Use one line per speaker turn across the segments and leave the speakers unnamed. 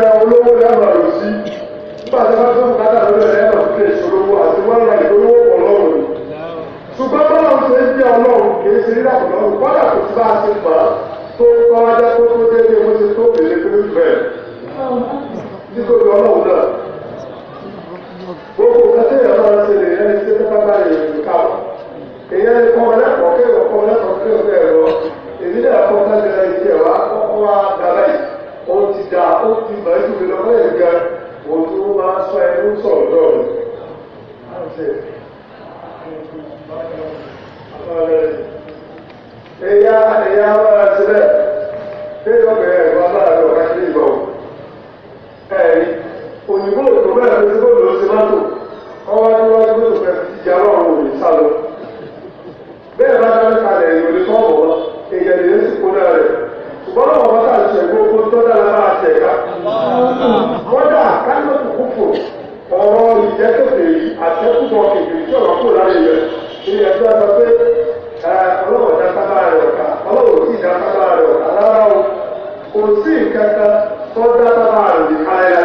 ẹran olówó lẹ́nu àlò sí nígbà tí wọ́n tó ń kádà lórí ẹ̀rọ ìdílé ìṣòro àti wọ́n ra ìdówó ọlọ́run ṣùgbọ́n bọ́lá ń ṣe ń jẹ́ ọlọ́run kì í ṣe nílà ọlọ́run kọ́dà kò sí bá a ṣe fà á tó kọ́ ajá tó tó délé wọ́n ti tó bèèrè pé ó fẹ́ nítorí ọlọ́run náà gbogbo kẹsẹ̀ ìrọ̀lọ́run ṣe lè rẹ́ ní ṣe tó bá bá lè ti mọ̀ ẹ́ jùlọ lọ́wọ́ ẹ̀ gan òun tó máa sọ ẹnu sọ̀rọ̀ lọ́rùn. ẹ̀yà ẹ̀yà máa sílẹ̀ lẹ́yìn ọ̀gbìn ẹ̀rọ aláàrẹ̀ ọ̀gá sí ìgbà ò. ẹ̀rí òyìnbó tó bẹ́ẹ̀ ló ti kó lòó sí mọ́tò ọwọ́ níwájú tó fẹ́ ti jà lọ́rùn òní sálọ. bẹ́ẹ̀ bá dáná kalẹ̀ ìròyìn kọ́ ọ̀wọ́ èèyàn lè sí kó náà rẹ̀ bọ́lá wọn bá ṣàṣẹ gbogbo tó dára bá ṣẹ̀ ká. kọ́dà kálọ́ọ̀tù kúkú ọ̀rọ̀ ìjẹ́kẹ̀kẹ̀ yìí àtẹ́kùtọ̀ kèké tí ọ̀rọ̀ kò láyé rẹ̀ ilé ẹjọ́ sọ pé ọlọ́wọ̀ dá sábà rẹ̀ ọ̀tá ọlọ́wọ̀ sì dá sábà rẹ̀ ọ̀tá rárá o kò sí nǹkan kan tó dá sábà rẹ̀ ní káyà.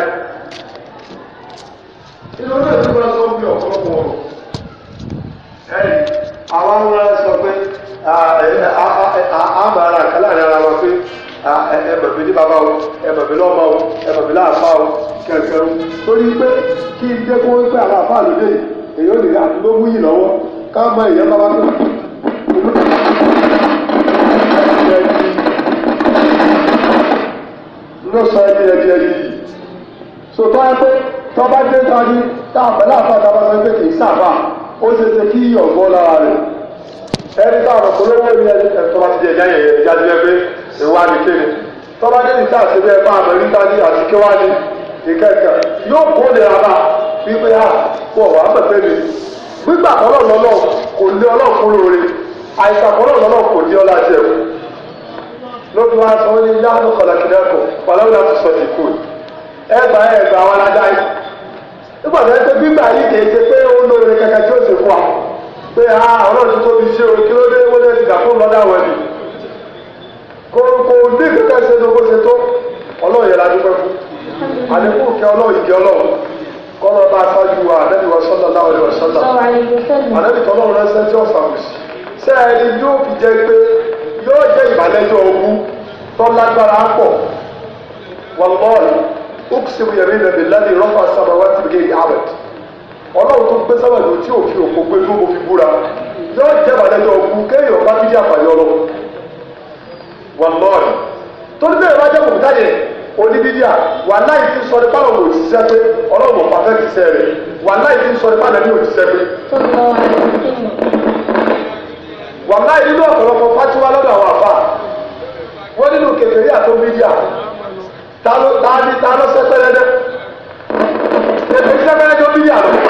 inú náà ti wá sọ bí ọ̀pọ̀lọpọ̀ ọ̀rọ̀ ẹ̀yìn àwa ń sọ pé àmàrà kálá ní ara wa pé ẹbẹ̀bí o ẹbẹ̀bí lọ́mọ o ẹbẹ̀bí láàfà o kẹ̀kẹ́ torí pé kí n dé kó ń àwọn àfà lóde èyí ò lè rí àdúgbò yìí lọ́wọ́ ká mọ èèyàn bá wá pé. ló sọ ẹni ẹni ẹni yìí so tó pé tó dé tán tá a bẹ̀rẹ̀ àfà tá sọ pé kì í sàbà ó ṣe ṣe kí ọ̀gbọ́n lára rẹ̀. ẹni tó àwọn olówó ni ẹni tó bá ti jẹ ìyá yẹyẹ ìyá ti ẹgbẹ ìwà ni kéde tọ́ba ní ìta àṣẹbí ẹ̀ máa bẹ̀rẹ̀ níta ní àti kíwá yóò kó lè wípé ah, mi gbígbà kò lé ọlọ́ọ̀kú lóore àìsàn kò lé ọlá jẹ sọ ní sọ ẹgbà ẹgbà wọn adá yìí nígbà tó pé a ah, ọlọ́run tó fi ṣe o kí ló dé wọ́n lè dìgbà fún lọ́dà wọn ni kò kò ní kíkẹ́ ṣe tó kó ṣe tó ọlọ́run yẹn la dúpẹ́ fún àdínkù kẹ ọlọ́run ìkẹ́ ọlọ́run kọ́lọ́ bá a ṣáájú wa àdẹ́bí wa sọ́dọ̀ náà ọ̀dọ̀ sọ́dọ̀ àdẹ́bí tọ́lọ́run rẹ́sẹ̀ tí ó sàmùsì ṣé ẹni yóò fi jẹ́ pé yóò jẹ́ ìbàlẹ́jọ́ ogun tó lágbára pọ̀ wàlúwọ̀lù ó kùsìmù yẹ̀mí nàbẹ̀lẹ́ni rọ́pà sábà wá ti gbé àwẹ̀tì ọlọ́run tó gbé sábà yòó tí òfin òkò gbé fún mo fi búra yóò jẹ́ ìbàdàjọ́ òkú kéèyàn bá dídí àfàyọ lọ wà lọ́ọ̀rì torí bẹ́ẹ̀ bá jẹ́ kò dáyẹ̀ onídídíà wà láì ti sọ nípa àwọn òṣìṣẹ́ pé ọlọ́run ọ̀pá fẹ́ ti sẹ́ rẹ̀ wà láì ti sọ nípa àdàbí òṣìṣẹ́ pé. wà láì nínú ọ̀pọ̀lọpọ̀ fásiwá lọ́dọ̀ àwọn àfà wọ́n nínú kẹfẹ́rí àtọ́mídíà ta ló ta ni ta ló sẹ́pẹ́rẹ́dẹ́ kẹfẹ́rí sẹ́pẹ́rẹ́dẹ́ mídíà lọ.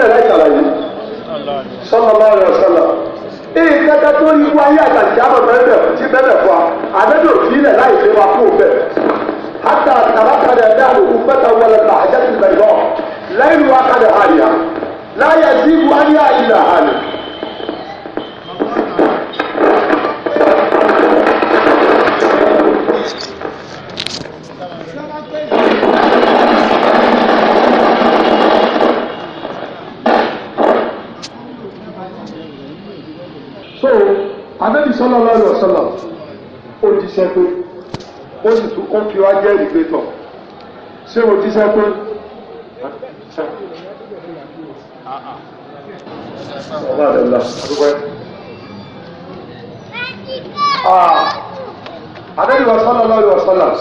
náà láì ṣàlàyé sallallahu alaihi wasallam èyí kẹta tó ní wáyé àtàkì àmọ̀ bẹ́ẹ̀ tí bẹ́ẹ̀ fọ́ àbẹ́dọ̀ fi ilẹ̀ láì lé wa kó bẹ́ẹ̀ hátà tàbátàdà ẹ̀dá àlùkù pẹ́ta wọlé bá àjẹsí bẹ̀rẹ̀ lọ lẹ́yìn wa kàdé àríyá láyé dìbò àríyá ìlà àlè. sallallahu alaihi wasallam ó jíṣẹ́ pé ó sì tún kún fi wá jẹ́ ìgbẹ́tọ̀ ṣé o jíṣẹ́ pé. Adébí ah, wa sallallahu alaihi wasallam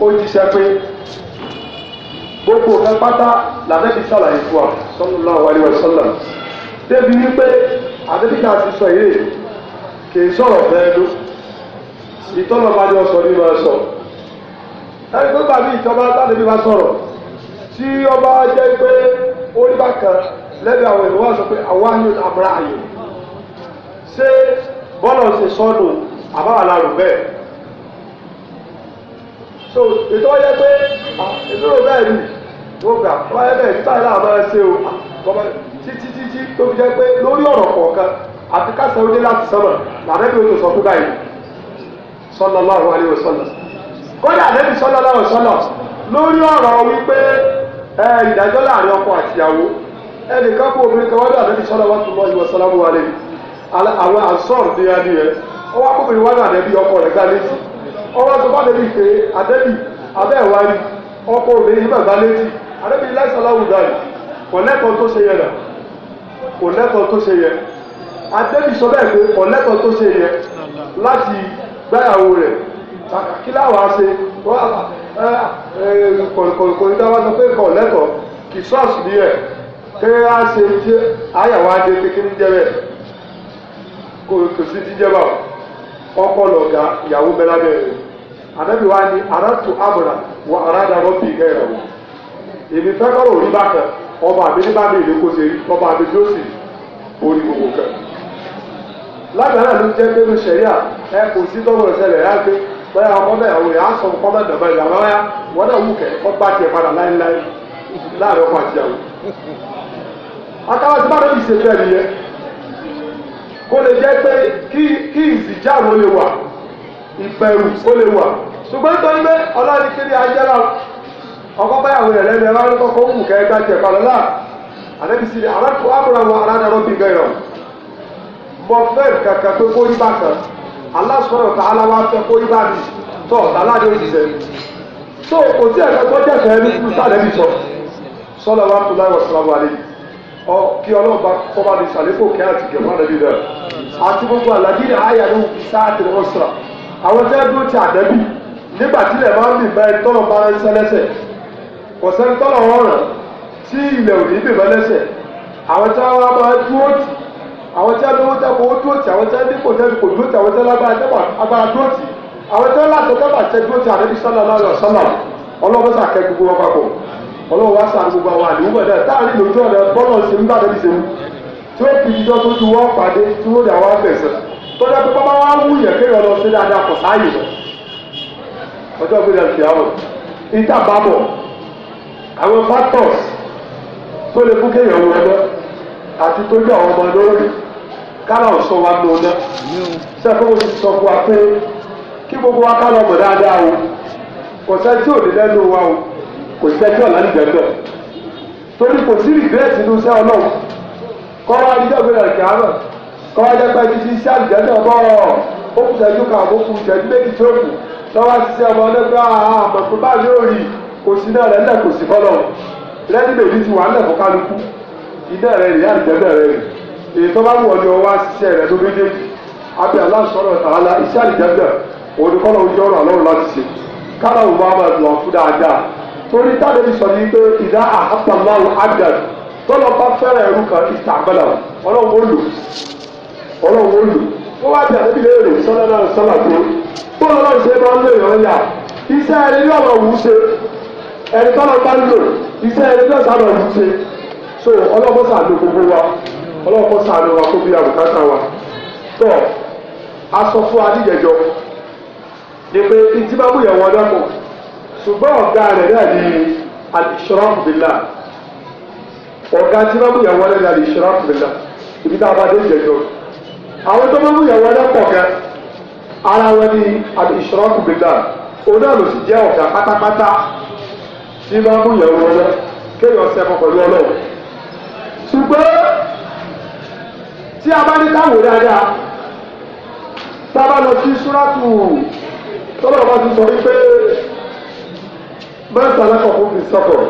ó jíṣẹ́ pé gbogbo ọ̀fẹ́ pátá làdébí sàlàyé fún wa sallallahu alaihi wasallam débi wípé àdébíkà ti sọ yìí kì í sọ̀rọ̀ fẹ́ẹ́ ló ìtọ́lọ́bàjọ sọ ní ma sọ ẹni tó gbà mí ìjọba tàbí ma sọ̀rọ̀ tí ọba jẹ́ pé orí bá kan lẹ́bi àwọn ènìyàn wá sọ pé àwa ni àmúra àyè ṣé bọ́lọ̀ ṣe sọ́nù àbáwàlá rò bẹ́ẹ̀ so ètò ọjọ́ pé ìdúró bẹ́ẹ̀ ni wọ́n gbà wọ́n yẹ bẹ́ẹ̀ tí báyìí láwọn máa ṣe o títí títí tó fi jẹ́ pé lórí ọ̀rọ̀ kọ̀ọ̀kan àti kásán ó dé láti sọ́nà làbẹ́bí ó tó sọ fún báyìí sallallahu alaihi wasallam kódà lẹ́bi sallallahu alaihi wasallam lórí ọ̀rọ̀ wípé ìdájọ́ láàrin ọkọ àtìyàwó ẹnìkan kó obìnrin kan wọ́dọ̀ lẹ́bi sallallahu alaihi wasallam alaihi àwọn àṣọ́ọ̀rù ní adé yẹn ó wá kóbìnrin wá náà lẹ́bi ọkọ rẹ̀ gbá létí ó wá tó bá lẹ́bi pé adẹ́bi abẹ́ẹ̀wárí ọkọ obìnrin yìí bàbá létí adẹ́bi láìsàláwù dàrí kọ̀lẹ́kọ̀ọ́ tó ṣe yẹn náà kò tó ṣe yẹ adébí sọ bẹ́ẹ̀ pé kò tó ṣe yẹ láti gbáyàwó rẹ̀ kí láwa ṣe dáwọ́ sọ pé kò kì sọ́ọ̀sì ẹ̀ kí á ṣe adé kékeré báwò ọkọ lọ̀gá ìyàwó rẹ̀ wa ni èmi fẹ́ kọ́ ọba mi ní bá mi ìlú kó ṣe rí ọba mi ló sì orí gbogbo kan. lágbàá náà ló jẹ́ pẹ́ẹ́nu sẹ̀ríà ẹ kò sí tọ́gbọ̀n ṣẹlẹ̀ rẹ̀ àgbẹ̀ bẹ́ẹ̀ ọmọ bẹ́ẹ̀ òun yà á sọ ọmọ bẹ́ẹ̀ dàbẹ̀ ìyàwó ya wọ́n náà wù kẹ́ ọ bá tiẹ̀ padà láéláé láàrin ọkọ̀ àti ìyàwó. akáwá tí bàbá mi ṣe fẹ́ nìyẹn kó lè jẹ́ pé kí ìsìjà àwọn olè wà ìbẹ̀rù olè wà ṣùgbọ́n nítorí pé ọlọ́run kiri ajẹ́ra ọkọ báyàwó rẹ̀ lẹ́nu ẹ̀rọ ló kọ́kọ́ mú kẹ́ gbá jẹ̀ padà láà àlẹ́bí sí ni arákùn abúlàwọ̀ aládàrọ̀ bí gan yọ̀ mọ fẹ́ kàkà pé kó rí bàtàn aláṣọrọ̀ tá aláwa fẹ́ kó rí bàbí tọ̀ tàládé òjìṣẹ́ tó kò sí ẹ̀ka tó jẹ́ fẹ́ẹ́ nínú sálẹ̀bí sọ sọlá wa tó láwọ̀ sọlá wa lé ọ kí ọlọ́ọ̀bá kọ́ bá lè ṣàlékò kẹ́ àti kẹ́ fún àdàbí rẹ̀ àti gbogbo àlàjì àyà ló fi sáà tẹ̀lé wọn sọ̀rọ̀ àwọn tẹ́ẹ̀dún ti àdẹ́bí nígbà tí lè máa ń bì bẹ́ẹ̀ tọ́lọ̀ bá ń sẹ́lẹ́sẹ̀ kò sẹ́ni tọ́lọ̀ wọn ràn tí ilẹ̀ òní bèbá lẹ́sẹ̀ àwọn tí wọn máa dúró tì àwọn tí wọn lówó tẹ́ fowó dúró tì àwọn tí wọn dípò tẹ́ kò dúró tì àwọn tí wọn agbára dúró tì àwọn tí wọn láti dúró tì gbogbo wọn sàn gbogbo àwọn táàrin lójú ṣe ń bá ṣe tí fi ìjọ àwọn factors tó lè mú kéèyàn wọn lọ àti tójú àwọn ọmọ lórí kára ọ̀sán wa nù ọ́nà sẹ́fún mo ti sọ fún wa pé kí gbogbo wa ká lọ dáadáa o kò sẹ́ tí ò ní wa o kò sẹ́ tí ọ̀la nìjẹ́ bẹ́ẹ̀ torí kò sí rìgírẹ́tì inú iṣẹ́ ọlọ́run kọ́ wa ní ìjọba ìrìn kàánà kọ́ wa jẹ́ pé ibi tí iṣẹ́ àlùjẹ́ náà bọ̀ ó kù sẹ́jú kan àbókù ìṣẹ́jú méjì tó kù lọ́wọ́ ti ṣe kò sí náà rẹ̀ ńlẹ̀ kò sí fọ́lọ̀ rẹ́dí bèbí ti wà ńlẹ̀ fún kálukú iná rẹ̀ rèé àdìjẹ́bẹ̀ rẹ̀ rè èyí tó bá wù ọ́ ni ọ wá ṣiṣẹ́ rẹ̀ ló méjèèjì abẹ́ aláṣọ́rọ̀ tààlà iṣẹ́ àdìjẹ́bẹ̀ òdìkọ́lọ̀ ojú ọ̀rọ̀ àlọ́run láti ṣe kára òun bá máa lọ fún dáadáa torí táde ti sọ ní pé ìdá àhàpàláwò àdàlù tọ́lọ́ bá fẹ́rẹ̀ ẹ̀rú kan ìtàgbàlà ọlọ́run ó lò ọlọ́run ó lò wọ́n wá bí àdébí léèrè sọ́lá ẹni tọ́lọ̀ bá ń lò iṣẹ́ ẹni náà sábà ń ṣe so ọlọ́pọ̀ sàánú gbogbo wa ọlọ́pọ̀ sàánú wa kó bí àbùkátà wa tọ́ a sọ fún adíjẹjọ ni pé ìdí bá múyẹ̀ wọn dákọ̀ ṣùgbọ́n ọ̀gá rẹ̀ náà ni al-ishraku billah ọ̀gá tí bá múyẹ̀ wọn náà ni al-ishraku billah ibi tá a bá dé ìjẹjọ àwọn tó bá múyẹ̀ wọn náà pọ̀ kẹ́ ara wọn ni al-ishraku billah òun náà ló sì jẹ́ ọ̀gá pátápátá tí máa mú ìyàwó wọlé kéèyàn sẹ́kọ̀ọ́ pẹ̀lú ọlọ́run ṣùgbọ́n tí a bá ní káwò dáadáa tá a bá lọ sí súrátù tọ́lọ̀ bá ti sọ wípé mẹ́ta lẹ́kọ̀ọ́ fún mi sọ́kọ̀ọ́.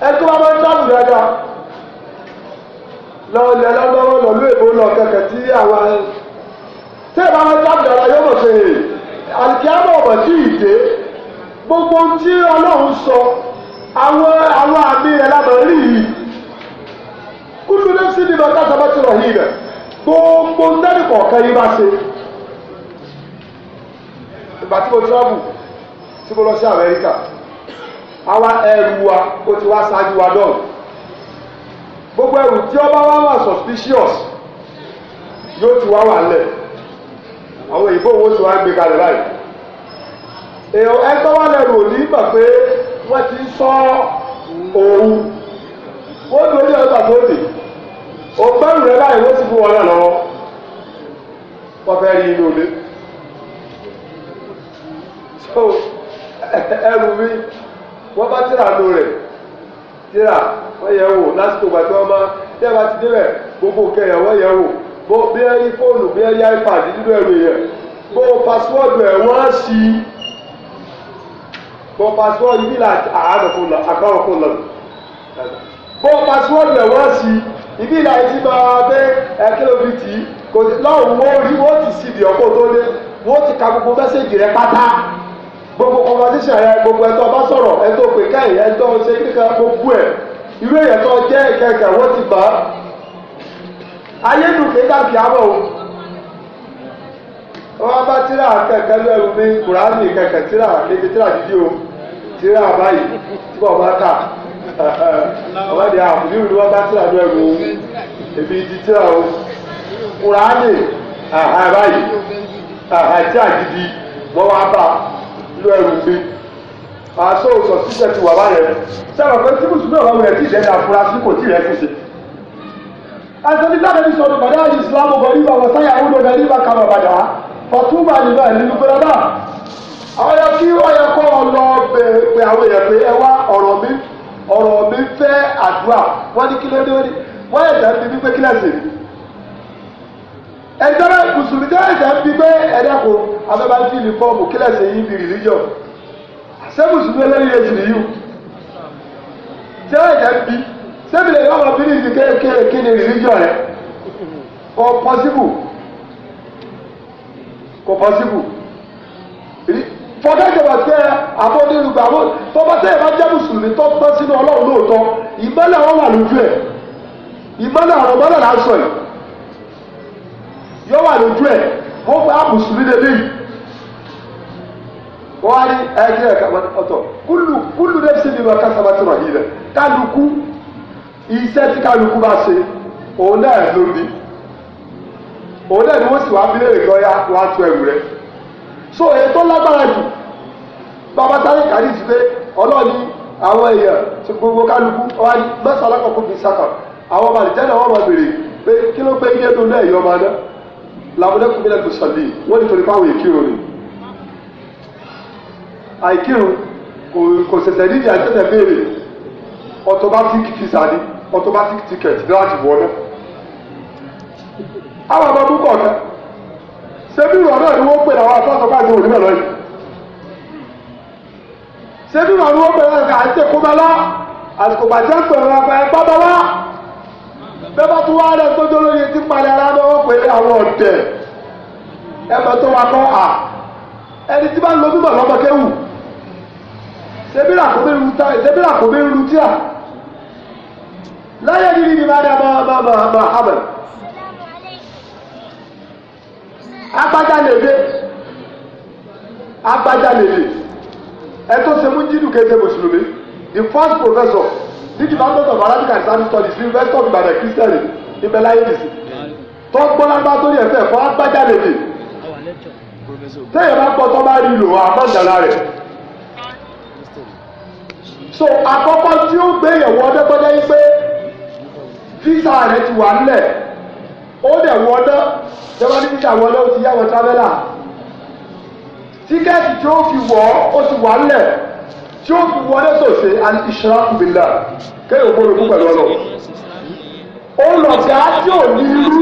ẹtú wa máa ń dáàbò dáadáa lọ ilẹ̀ lọ́gbọ́n lọ́lú èbó lọ kẹ̀kẹ́ tí àwọn tẹ́ ẹ bá máa ń dáàbò dáadáa yóò mọ̀ pé àlùkìyàmọ̀ ọ̀bọ̀ tí ì dé gbogbo tí ọlọ́run sọ àwọn àwọn àmì ẹ̀ lábàá rí yìí kúlù ní sí ni bàtà sábà ti rọ̀ yìí rẹ̀ gbogbo ndẹ́rì kọ̀ọ̀kan yìí bá ṣe ìgbà tí mo travel tí mo lọ sí Amẹ́ríkà. àwa ẹrù wa ó ti wá ṣáájú wa gbogbo ẹrù tí ọba wa wà suspicious yóò ti wá wà lẹ àwọn òyìnbó wo ti wá gbé kalẹ̀ báyìí èèyàn ẹgbẹ́ wa ní pé wọ́n ti ń sọ òru wọ́n ní oníyàwó ògbẹ́rù rẹ báyìí wọ́n ti fún wọn wọ́n bá tíra lò rẹ̀ tíra wọ́n yẹ̀ wò lásìkò gbà tí wọ́n máa tí ẹ bá ti débẹ̀ gbogbo kẹyà wọ́n yẹ̀ wò bó bí ẹ yí fóònù bí ẹ yí ipad nínú ẹ̀rọ yẹn bó pàṣíwọ́ọ̀dù ẹ̀ wọ́n á sí i bó pàṣíwọ́ọ̀dù bí là àádọ́kùn lọ àkọ́ọ̀kùn lọ bó pàṣíwọ́ọ̀dù ẹ̀ wọ́n á sí i ibi ìlà etí máa bẹ́ ẹ kílómi tì í kò lọ́hùn-ún wọ́n rí wọ́n ti sí ìdí ọkọ̀ tó dé wọ́n ti ka gbogbo mẹ́sẹ̀gì rẹ pátá. gbogbo conversation yẹn gbogbo ẹtọ bá ẹtọ pé ẹtọ ṣe kíkà gbogbo ẹ irú èyàn tó jẹ ìkẹkẹ wọn ti bá o wọn bá tíra kẹkẹ kùránì kẹkẹ tíra tíra dídí o tíra báyìí ọba di àbúrò ìlú wọn bá tíra o tíra o kùránì báyìí lọ ẹrù mi àṣọ òsọ síṣẹ ti wà báyẹn sábà pé tí mùsùlùmí ọ̀rọ̀ rẹ̀ tí ìṣẹ̀lẹ̀ àfúrásì kò tí ì rẹ̀ kù sí. àṣẹbí dáadáa ní sọdún bàdá àti ìsìlámù bọ̀ nígbà wọ sáyà wúlò bẹ nígbà kàmà bàdá ọ̀tún bá nígbà nínú pé dábà. àwọn yẹn kí ọyẹ kọ́ ọ lọ pé àwọn èèyàn pé ẹ wá ọ̀rọ̀ mi ọ̀rọ̀ mi fẹ́ àdúrà wọ́n ní kí ló dé wọ́n ní wọ́n yẹ ẹ̀ńtọ́rọ̀ mùsùlùmí tẹ́ ẹ̀ṣẹ̀ ń bi pé ẹ̀dẹ́kùn abẹ́bá ń fìlì fọ́ọ̀mù kílẹ̀ sí yín bí rìlíjọ̀ ṣé mùsùlùmí ẹlẹ́rìí èsì nìyí tẹ́ ẹ̀ṣẹ̀ ń bi sẹ́mi lè lọ́wọ́ bí nìyí kékeré kí ni rìlíjọ̀ rẹ̀ kò pọ́síbù kò pọ́síbù fọdájọba tẹ àbọ̀dẹ́lùgbà tọ́ba tẹ́ ẹ̀ bá jẹ́ mùsùlùmí tọ́ tọ́ sínú ọlọ́run lóòótọ́ ìmọ́lẹ̀ wọn yóò wà lójú ẹ̀ ó gba mùsùlùmí lélẹ́ yìí wọ́n á ní ẹgbẹ́ ẹ̀ka ọ̀tọ̀ kúlù kúlù lè ṣe bí wọn kásábà tó rọ̀ yìí rẹ̀ kálukú iṣẹ́ tí kálukú bá ṣe òun náà ló ní òun náà ni wọ́n sì wá bí léèrè gan ya wọ́n á tu ẹrù rẹ̀ so ètò lágbára jù bàbá sáré kàdí sí pé ọlọ́ọ̀ni àwọn èèyàn tí gbogbo kálukú wá ní mẹ́sàn-án lákòókò fi sákà àwọn ọmọ àlìjẹ́ náà wọ́n máa pé kí ló gbé ilé tó náà yọ ọmọ náà làbúdẹ́kùn bílẹ̀ tó sọ̀dí wọ́n ní torí fáwọn ìkírun ni àìkírun kò ṣẹ̀ṣẹ̀ nídìí àìsẹ̀ṣẹ̀ béèrè automatic visa ni automatic ticket láti wọlé àwọn ọmọ púpọ̀ kan ṣebí ìrọ̀ náà ni wọ́n pè náà wọ́n afọ́sọ́ báyìí òní mẹ́lọ́ yìí ṣebí ìrọ̀ ni wọ́n pè náà àti kóbálá àsìkò bàjẹ́ pẹ̀lú ọgbà ẹ̀ bábálá bẹ́ẹ̀ bá tún wá rẹ̀ tó jọ lóye ti palẹ̀ ara lọ́wọ́ àwọn ọ̀dẹ̀ ẹ̀mọ tó wa kọ́ à ẹni tí bá ń lo mímọ̀ lọ́mọ kéwù ṣebíra kò bẹ́ẹ̀ ruta ṣebíra kò bẹ́ẹ̀ rutia láyé níbi ni máa dá máa máa máa máa hàmẹ̀ agbájá lèlè agbájá lèlè ẹ tó ṣe mú jídù kéde mùsùlùmí the first professor ní department of arabic and islamic studies university of ibadan christian ìbẹ̀láyé nìsí tó gbọ́lápá tó yẹ fẹ́ fọ́ agbájáde ni téèyàn bá gbọ́ tó bá rí lò àmọ́jàlá rẹ̀ so àkọ́kọ́ tí ó gbé yẹ̀wò ọdẹ́gbọ́dá yìí pé fíìsà rẹ̀ ti wà nílẹ̀ ó dẹ̀ wọlé jọba ní fíìsà wọlé ó ti yá wọn tábẹ́là tíkẹ́ẹ̀tì tí ó fi wọ̀ ó ti wà nílẹ̀ tí ó fi wọlé sòsè al-ishraku billah kéèyàn gbọ́dọ̀ fún pẹ̀lú ọlọ́ ó lọ sí á tí ò ní irú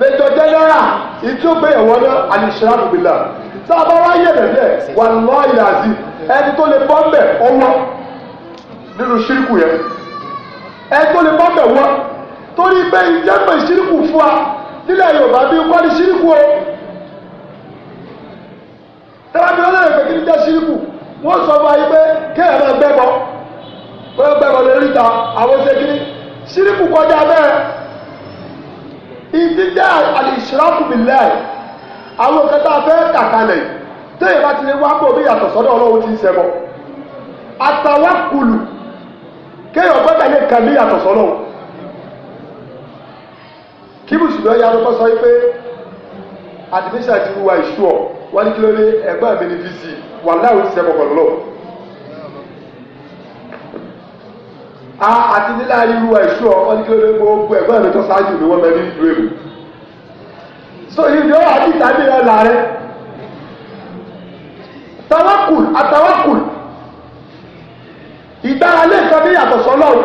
mẹjọ jẹnẹra ìjókòyẹwò náà àlìṣẹ́ra lùbìlà tá a bá wá yẹ̀ lẹ́lẹ̀ wà lọ́ ìlàzí ẹni tó lè bọ́ mbẹ̀ ọwọ́ nínú ṣíríkù yẹn ẹni tó lè bọ́ mbẹ̀ wọ́ torí pé ìjẹ́pẹ̀ ṣíríkù fún wa nílẹ̀ Yorùbá bí wọ́n ní ṣíríkù o tẹ́lábí wọn lè fẹ́kí ní jẹ́ ṣíríkù wọ́n sọ fún ayé pé kéèyàn máa gbẹ́bọ bóyá gbẹ́bọ lórí ta àwọn ṣe kiri ṣíríkù kọjá bẹ́ẹ̀ ìdíjà àlìṣirákù billahi àwọn kan a fẹ́ kàkalẹ̀ téèyàn bá ti lè wá bò bí yàtọ̀ sọ́dọ̀ ọlọ́run ti ń ṣẹbọ àtàwákùlù kéèyàn gbọ́dọ̀ lè kàn bí yàtọ̀ sọ́lọ́run kí mùsùlùmí ọ̀yà ló kọ́ sọ pé admission ti wá ìṣú ọ wọ́n ní kí ló dé ẹ̀gbọ́n mi ní vc wàhálà ò ti ṣẹbọ pẹ̀lú lọ́wọ́. àti nílá irú ẹ̀ṣù ọ̀kan ní kílódé gbogbo ẹ̀gbọ́n mi tó ṣáájú mi wọ́n ní ìlú so ìdí àti ìtàbí bí yàtọ̀ sọ́lọ́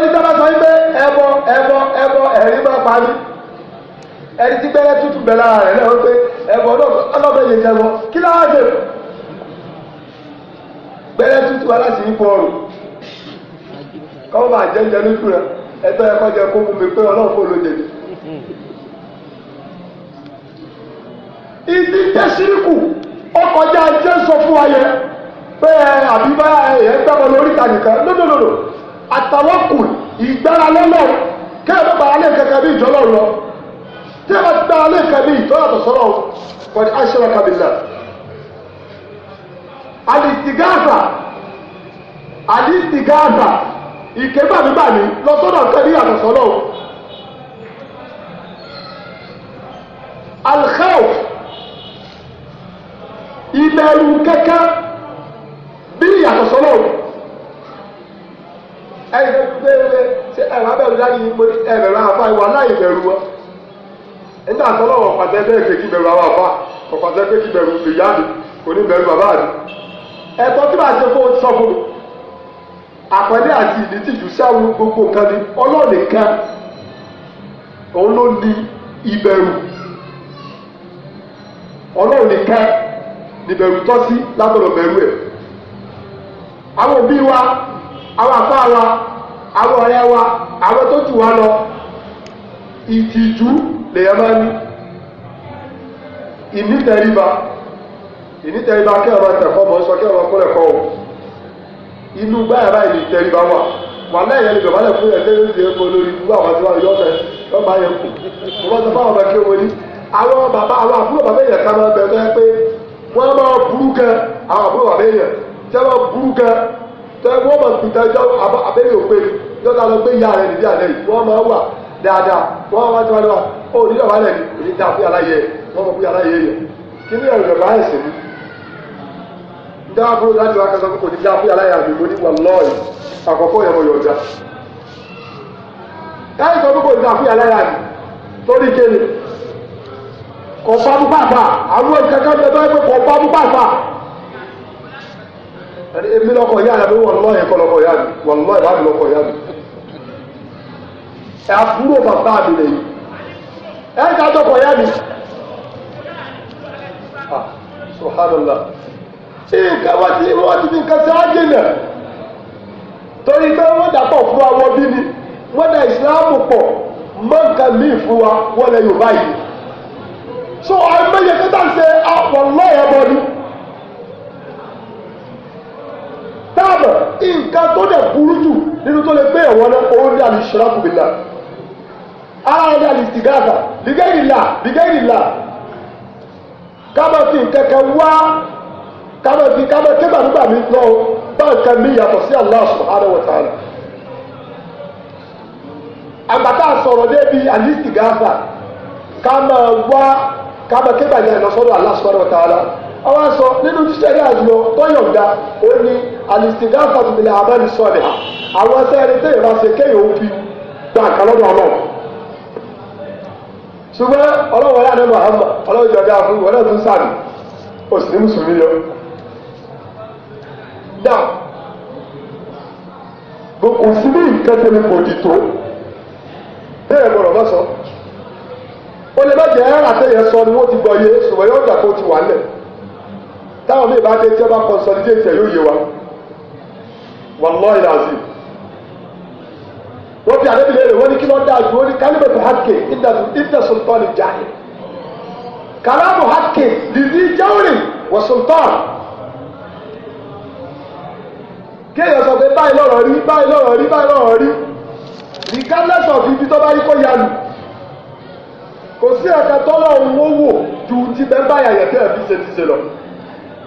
ni dábàá sọ wípé ẹbọ ẹbọ ẹbọ ẹ̀rí máa ẹni tí gbẹ́rẹ́ tútù rẹ̀ lẹ́wọ́n pé ẹbọ yẹn jẹ́ kí láwọn kẹ́lẹ́ tútù aláṣẹ ipò ọrùn kọ́mọ́ máa jẹ́ jẹ lójú rẹ ẹ̀tọ́ ẹ̀kọ́ jẹ kó fún mi pé ọlọ́run kò ló jẹ̀bi. ìdí jẹ́ síríkù ọkọjá jẹ́ sọ fún ayẹ pé àbí bá ẹ̀yẹ gbàgbọ́ lórí ìta nìkan lódòdòdò àtàwọ́kù ìgbára lọ́lọ́ kẹ́ẹ̀mọ́ gbàrà lé kẹ̀kẹ́ bí ìjọ́lọ́ lọ kẹ́ẹ̀mọ́ gbàrà lé kẹ̀kẹ́ bí ìjọ́lọ́ alìsìgáàsà alìsìgáàsà ìké gbàmígbàmí lọ́sọ́dọ̀ nǹkan ní ìyàtọ̀ sọ́lọ́ o. alkhawf ìbẹ̀rù kẹ́kẹ́ bí ìyàtọ̀ sọ́lọ́ o. ẹ̀yin tó gbé wọlé ṣé ẹ̀rọ abẹ́rù dání mo ní ẹ̀rọ àfa ìwà láì bẹ̀rù wọn. nígbà sọ́lọ́ ọ̀pàtẹ́ bẹ́ẹ̀ kékeré bẹ̀rù àwọn àfa ọ̀pàtẹ́ kékeré bẹ̀rù ìyá mi kò ní bẹ̀rù bàbá mi ẹ̀tọ́ tí màá ṣe fún sọ fún mi àpẹẹrẹ àti ìdítì jù sáwọn gbogbo nǹkan ni ọlọ́run nìkan òun ló ní ìbẹ̀rù ọlọ́run nìkan níbẹ̀rù tọ́ sí lágbọ̀dọ̀ bẹ̀rù ẹ̀ àwọn òbí wa àwọn àfa wa àwọn ọ̀rẹ́ wa àwọn tó jù wá lọ ìtìjú lèyàn máa ní ìnítẹríba ìnítẹríba kẹ́ẹ̀mọ́ tẹ̀kọ́ mọ́ sọ kẹ́ẹ̀mọ́ kó lẹ̀kọ́ o inú gbáyà báyìí ní tẹríba wà wà lẹ́yìn ẹni gbọ̀mọ́lẹ̀ fún yẹn lẹ́yìn ìdíyẹ kó lórí irú àwọn tí wọ́n yọ ọ̀fẹ́ lọ́gbà yẹn kù mo bá sọ fún àwọn ọmọ kí wọ́n ní àwọn bàbá àwọn àbúrò bàbá yẹn ká máa bẹ̀rẹ̀ bẹ́ẹ̀ pé wọ́n máa burú kẹ àwọn àbúrò bàbá yẹn tẹ́ wọ́n burú kẹ tẹ́ wọ́n máa kùtà jọ abẹ́rẹ́ òpè yọ̀tà lọ pé ìyá rẹ̀ nìbí àlẹ́ yìí wọ́n máa wà dáadáa wọ́n wá tiwa ni wa ó nílò wà lẹ́yìn òní dáa fún aláyẹ wọ́n mọ̀ fún aláyẹ yẹn kí ni ẹ̀rù rẹ̀ ẹ̀sìn mi dáàbò láti wá kásán kò ní dá fún aláya mi mo ní wà lọ́ọ̀yì àkọ́kọ́ yẹn mo yọ̀ ọ̀dà láì sọ pé kò ní dá fún aláya mi torí kéde kò bá mú pàpà àwọn ìkankan bẹ tó yẹ pé kò bá mú pàpà èmi lọkọ yá mi wọ lọ yẹn kọ lọkọ yá mi wọ lọ yẹn bá mi lọkọ yá mi ẹ àbúrò bàbá mi lẹ́yìn ẹ ká tọkọ yá mi ah subhanallah. ṣé káwọn ti wọ́n ti fi nǹkan ṣáájú náà torí pé wọ́n dàpọ̀ fún wa wọ́n bí ni wọ́n da ìsìláàmù pọ̀ mọ́ nǹkan míì fún wa wọ́n lẹ Yorùbá yìí so àìmọye kẹta ń ṣe àpọ̀ lọ́yẹ̀ bọ́dún táàbọ̀ nǹkan tó dẹ̀ burú jù nínú tó lè gbé ẹ̀wọ̀n náà òun ní àlùsọ̀rọ̀ kùbìlà ara ẹ̀dá lìsìgáàtà bìgẹ́rì là bìgẹ́rì là kábọ̀tì wá kámẹ́ fi kámẹ́ kébà nígbà mi lọ bá nǹkan mi yàtọ̀ sí Allah subhanahu wa ta'ala. àgbàtà sọ̀rọ̀ débi àlìsí gáfà kámẹ́ wá kámẹ́ kébà yẹn lọ sọ́dọ̀ Allah subhanahu wa ta'ala. àwọn sọ nínú ṣíṣẹ́ ní àjùlọ tọ́yọ̀ǹda ó ní àlìsí gáfà tó tilẹ̀ àmẹ́rin sọ̀rẹ̀ àwọn sẹ́yìn tẹ́yìn bá ṣe kéèyàn ó fi gbà kálọ́dọ̀ ọlọ́run ṣùgbọ́n ọlọ́wọ́ yà ní Muhammad ọlọ́wọ́ ìjọba fún ìwọ́n náà tún sàmì òsì ní mùsùlùmí yọ down kò sí ní nǹkan tẹ́lẹ̀ kò dì tó bẹ́ẹ̀ gbọ́dọ̀ bá sọ ó lè má jẹ́ àtẹ̀yẹ sọ ni wọ́n ti gbọ́ yé ṣùgbọ́n yóò gbà kó ti wà lẹ̀ táwọn míì bá dé tí wọ́n bá consolidate yóò yé wa wàlọ́ọ̀ ìlàzì wọ́n fi àdébìlẹ̀ rẹ̀ wọ́n ní kí ló dáa ju wọ́n ní kálíbẹ̀tù hakè ìdá sultan jáde kàlámù hakè dìdí jáwèrè wà sultan kéèyàn sọ pé báyìí lọ́rọ̀ rí báyìí lọ́rọ̀ rí báyìí lọ́rọ̀ rí regardless of ibi tó bá yí kó yanu kò sí ẹ̀ka tọ́lọ̀ òun ó wò ju ti bẹ́ẹ̀ báyà yẹn tẹ́ ẹ̀ fi ṣe ti ṣe lọ